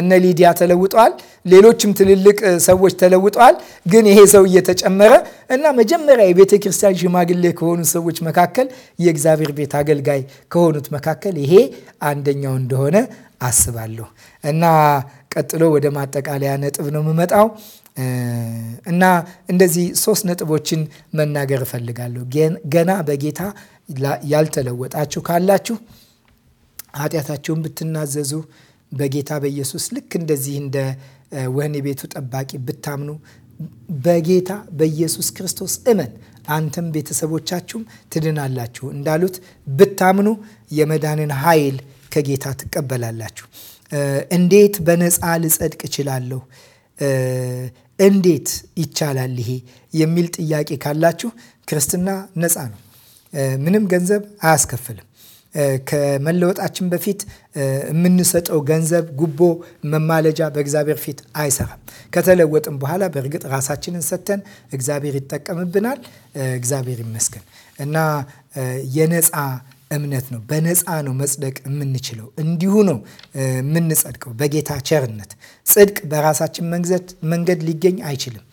እነ ሊዲያ ተለውጠዋል። ሌሎችም ትልልቅ ሰዎች ተለውጠዋል። ግን ይሄ ሰው እየተጨመረ እና መጀመሪያ የቤተ ክርስቲያን ሽማግሌ ከሆኑ ሰዎች መካከል የእግዚአብሔር ቤት አገልጋይ ከሆኑት መካከል ይሄ አንደኛው እንደሆነ አስባለሁ እና ቀጥሎ ወደ ማጠቃለያ ነጥብ ነው የምመጣው። እና እንደዚህ ሶስት ነጥቦችን መናገር እፈልጋለሁ። ገና በጌታ ያልተለወጣችሁ ካላችሁ ኃጢአታችሁን ብትናዘዙ በጌታ በኢየሱስ ልክ እንደዚህ እንደ ወህኒ ቤቱ ጠባቂ ብታምኑ በጌታ በኢየሱስ ክርስቶስ እመን አንተም ቤተሰቦቻችሁም ትድናላችሁ እንዳሉት ብታምኑ የመዳንን ኃይል ከጌታ ትቀበላላችሁ። እንዴት በነፃ ልጸድቅ እችላለሁ? እንዴት ይቻላል ይሄ የሚል ጥያቄ ካላችሁ ክርስትና ነፃ ነው። ምንም ገንዘብ አያስከፍልም። ከመለወጣችን በፊት የምንሰጠው ገንዘብ፣ ጉቦ፣ መማለጃ በእግዚአብሔር ፊት አይሰራም። ከተለወጥም በኋላ በእርግጥ ራሳችንን ሰጥተን እግዚአብሔር ይጠቀምብናል። እግዚአብሔር ይመስገን እና የነፃ እምነት ነው። በነፃ ነው መጽደቅ የምንችለው። እንዲሁ ነው የምንጸድቀው በጌታ ቸርነት። ጽድቅ በራሳችን መንገድ ሊገኝ አይችልም።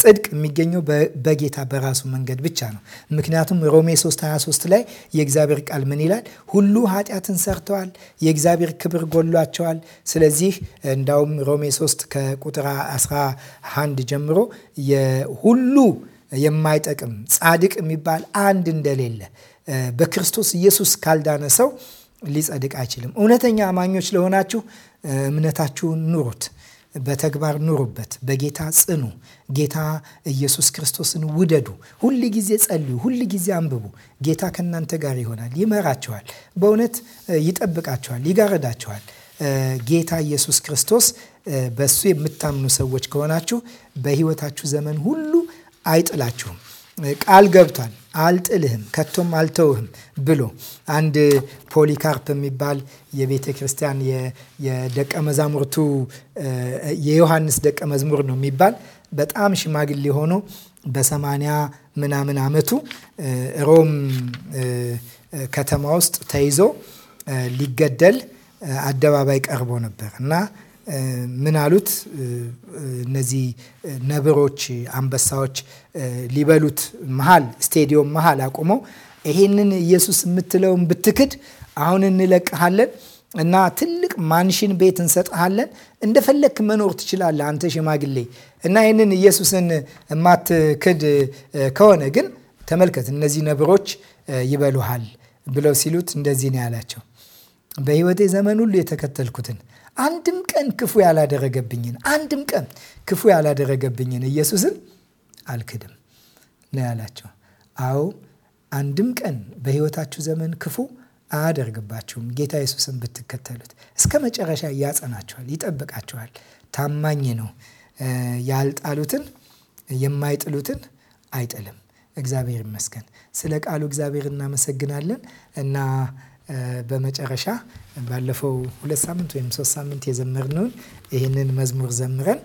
ጽድቅ የሚገኘው በጌታ በራሱ መንገድ ብቻ ነው። ምክንያቱም ሮሜ 3:23 ላይ የእግዚአብሔር ቃል ምን ይላል? ሁሉ ኃጢአትን ሰርተዋል፣ የእግዚአብሔር ክብር ጎሏቸዋል። ስለዚህ እንዳውም ሮሜ 3 ከቁጥር 11 ጀምሮ ሁሉ የማይጠቅም ጻድቅ የሚባል አንድ እንደሌለ በክርስቶስ ኢየሱስ ካልዳነ ሰው ሊጸድቅ አይችልም። እውነተኛ አማኞች ለሆናችሁ እምነታችሁን ኑሩት፣ በተግባር ኑሩበት። በጌታ ጽኑ። ጌታ ኢየሱስ ክርስቶስን ውደዱ። ሁል ጊዜ ጸልዩ፣ ሁል ጊዜ አንብቡ። ጌታ ከእናንተ ጋር ይሆናል፣ ይመራችኋል፣ በእውነት ይጠብቃችኋል፣ ይጋረዳችኋል። ጌታ ኢየሱስ ክርስቶስ በእሱ የምታምኑ ሰዎች ከሆናችሁ በሕይወታችሁ ዘመን ሁሉ አይጥላችሁም። ቃል ገብቷል። አልጥልህም ከቶም አልተውህም ብሎ አንድ ፖሊካርፕ የሚባል የቤተ ክርስቲያን የደቀ መዛሙርቱ የዮሐንስ ደቀ መዝሙር ነው የሚባል በጣም ሽማግሌ ሆኖ በሰማንያ ምናምን ዓመቱ ሮም ከተማ ውስጥ ተይዞ ሊገደል አደባባይ ቀርቦ ነበር እና ምን አሉት? እነዚህ ነብሮች፣ አንበሳዎች ሊበሉት መሃል ስቴዲዮም መሀል አቁመው ይሄንን ኢየሱስ የምትለውን ብትክድ አሁን እንለቅሃለን እና ትልቅ ማንሽን ቤት እንሰጥሃለን እንደፈለክ መኖር ትችላለህ አንተ ሽማግሌ እና ይህንን ኢየሱስን የማትክድ ከሆነ ግን ተመልከት እነዚህ ነብሮች ይበሉሃል ብለው ሲሉት እንደዚህ ነው ያላቸው። በሕይወቴ ዘመን ሁሉ የተከተልኩትን አንድም ቀን ክፉ ያላደረገብኝን አንድም ቀን ክፉ ያላደረገብኝን ኢየሱስን አልክድም ነው ያላቸው። አዎ አንድም ቀን በህይወታችሁ ዘመን ክፉ አያደርግባችሁም። ጌታ ኢየሱስን ብትከተሉት እስከ መጨረሻ ያጸናችኋል፣ ይጠብቃችኋል። ታማኝ ነው። ያልጣሉትን የማይጥሉትን አይጥልም። እግዚአብሔር ይመስገን። ስለ ቃሉ እግዚአብሔር እናመሰግናለን እና በመጨረሻ ባለፈው ሁለት ሳምንት ወይም ሶስት ሳምንት የዘመርነውን ይህንን መዝሙር ዘምረን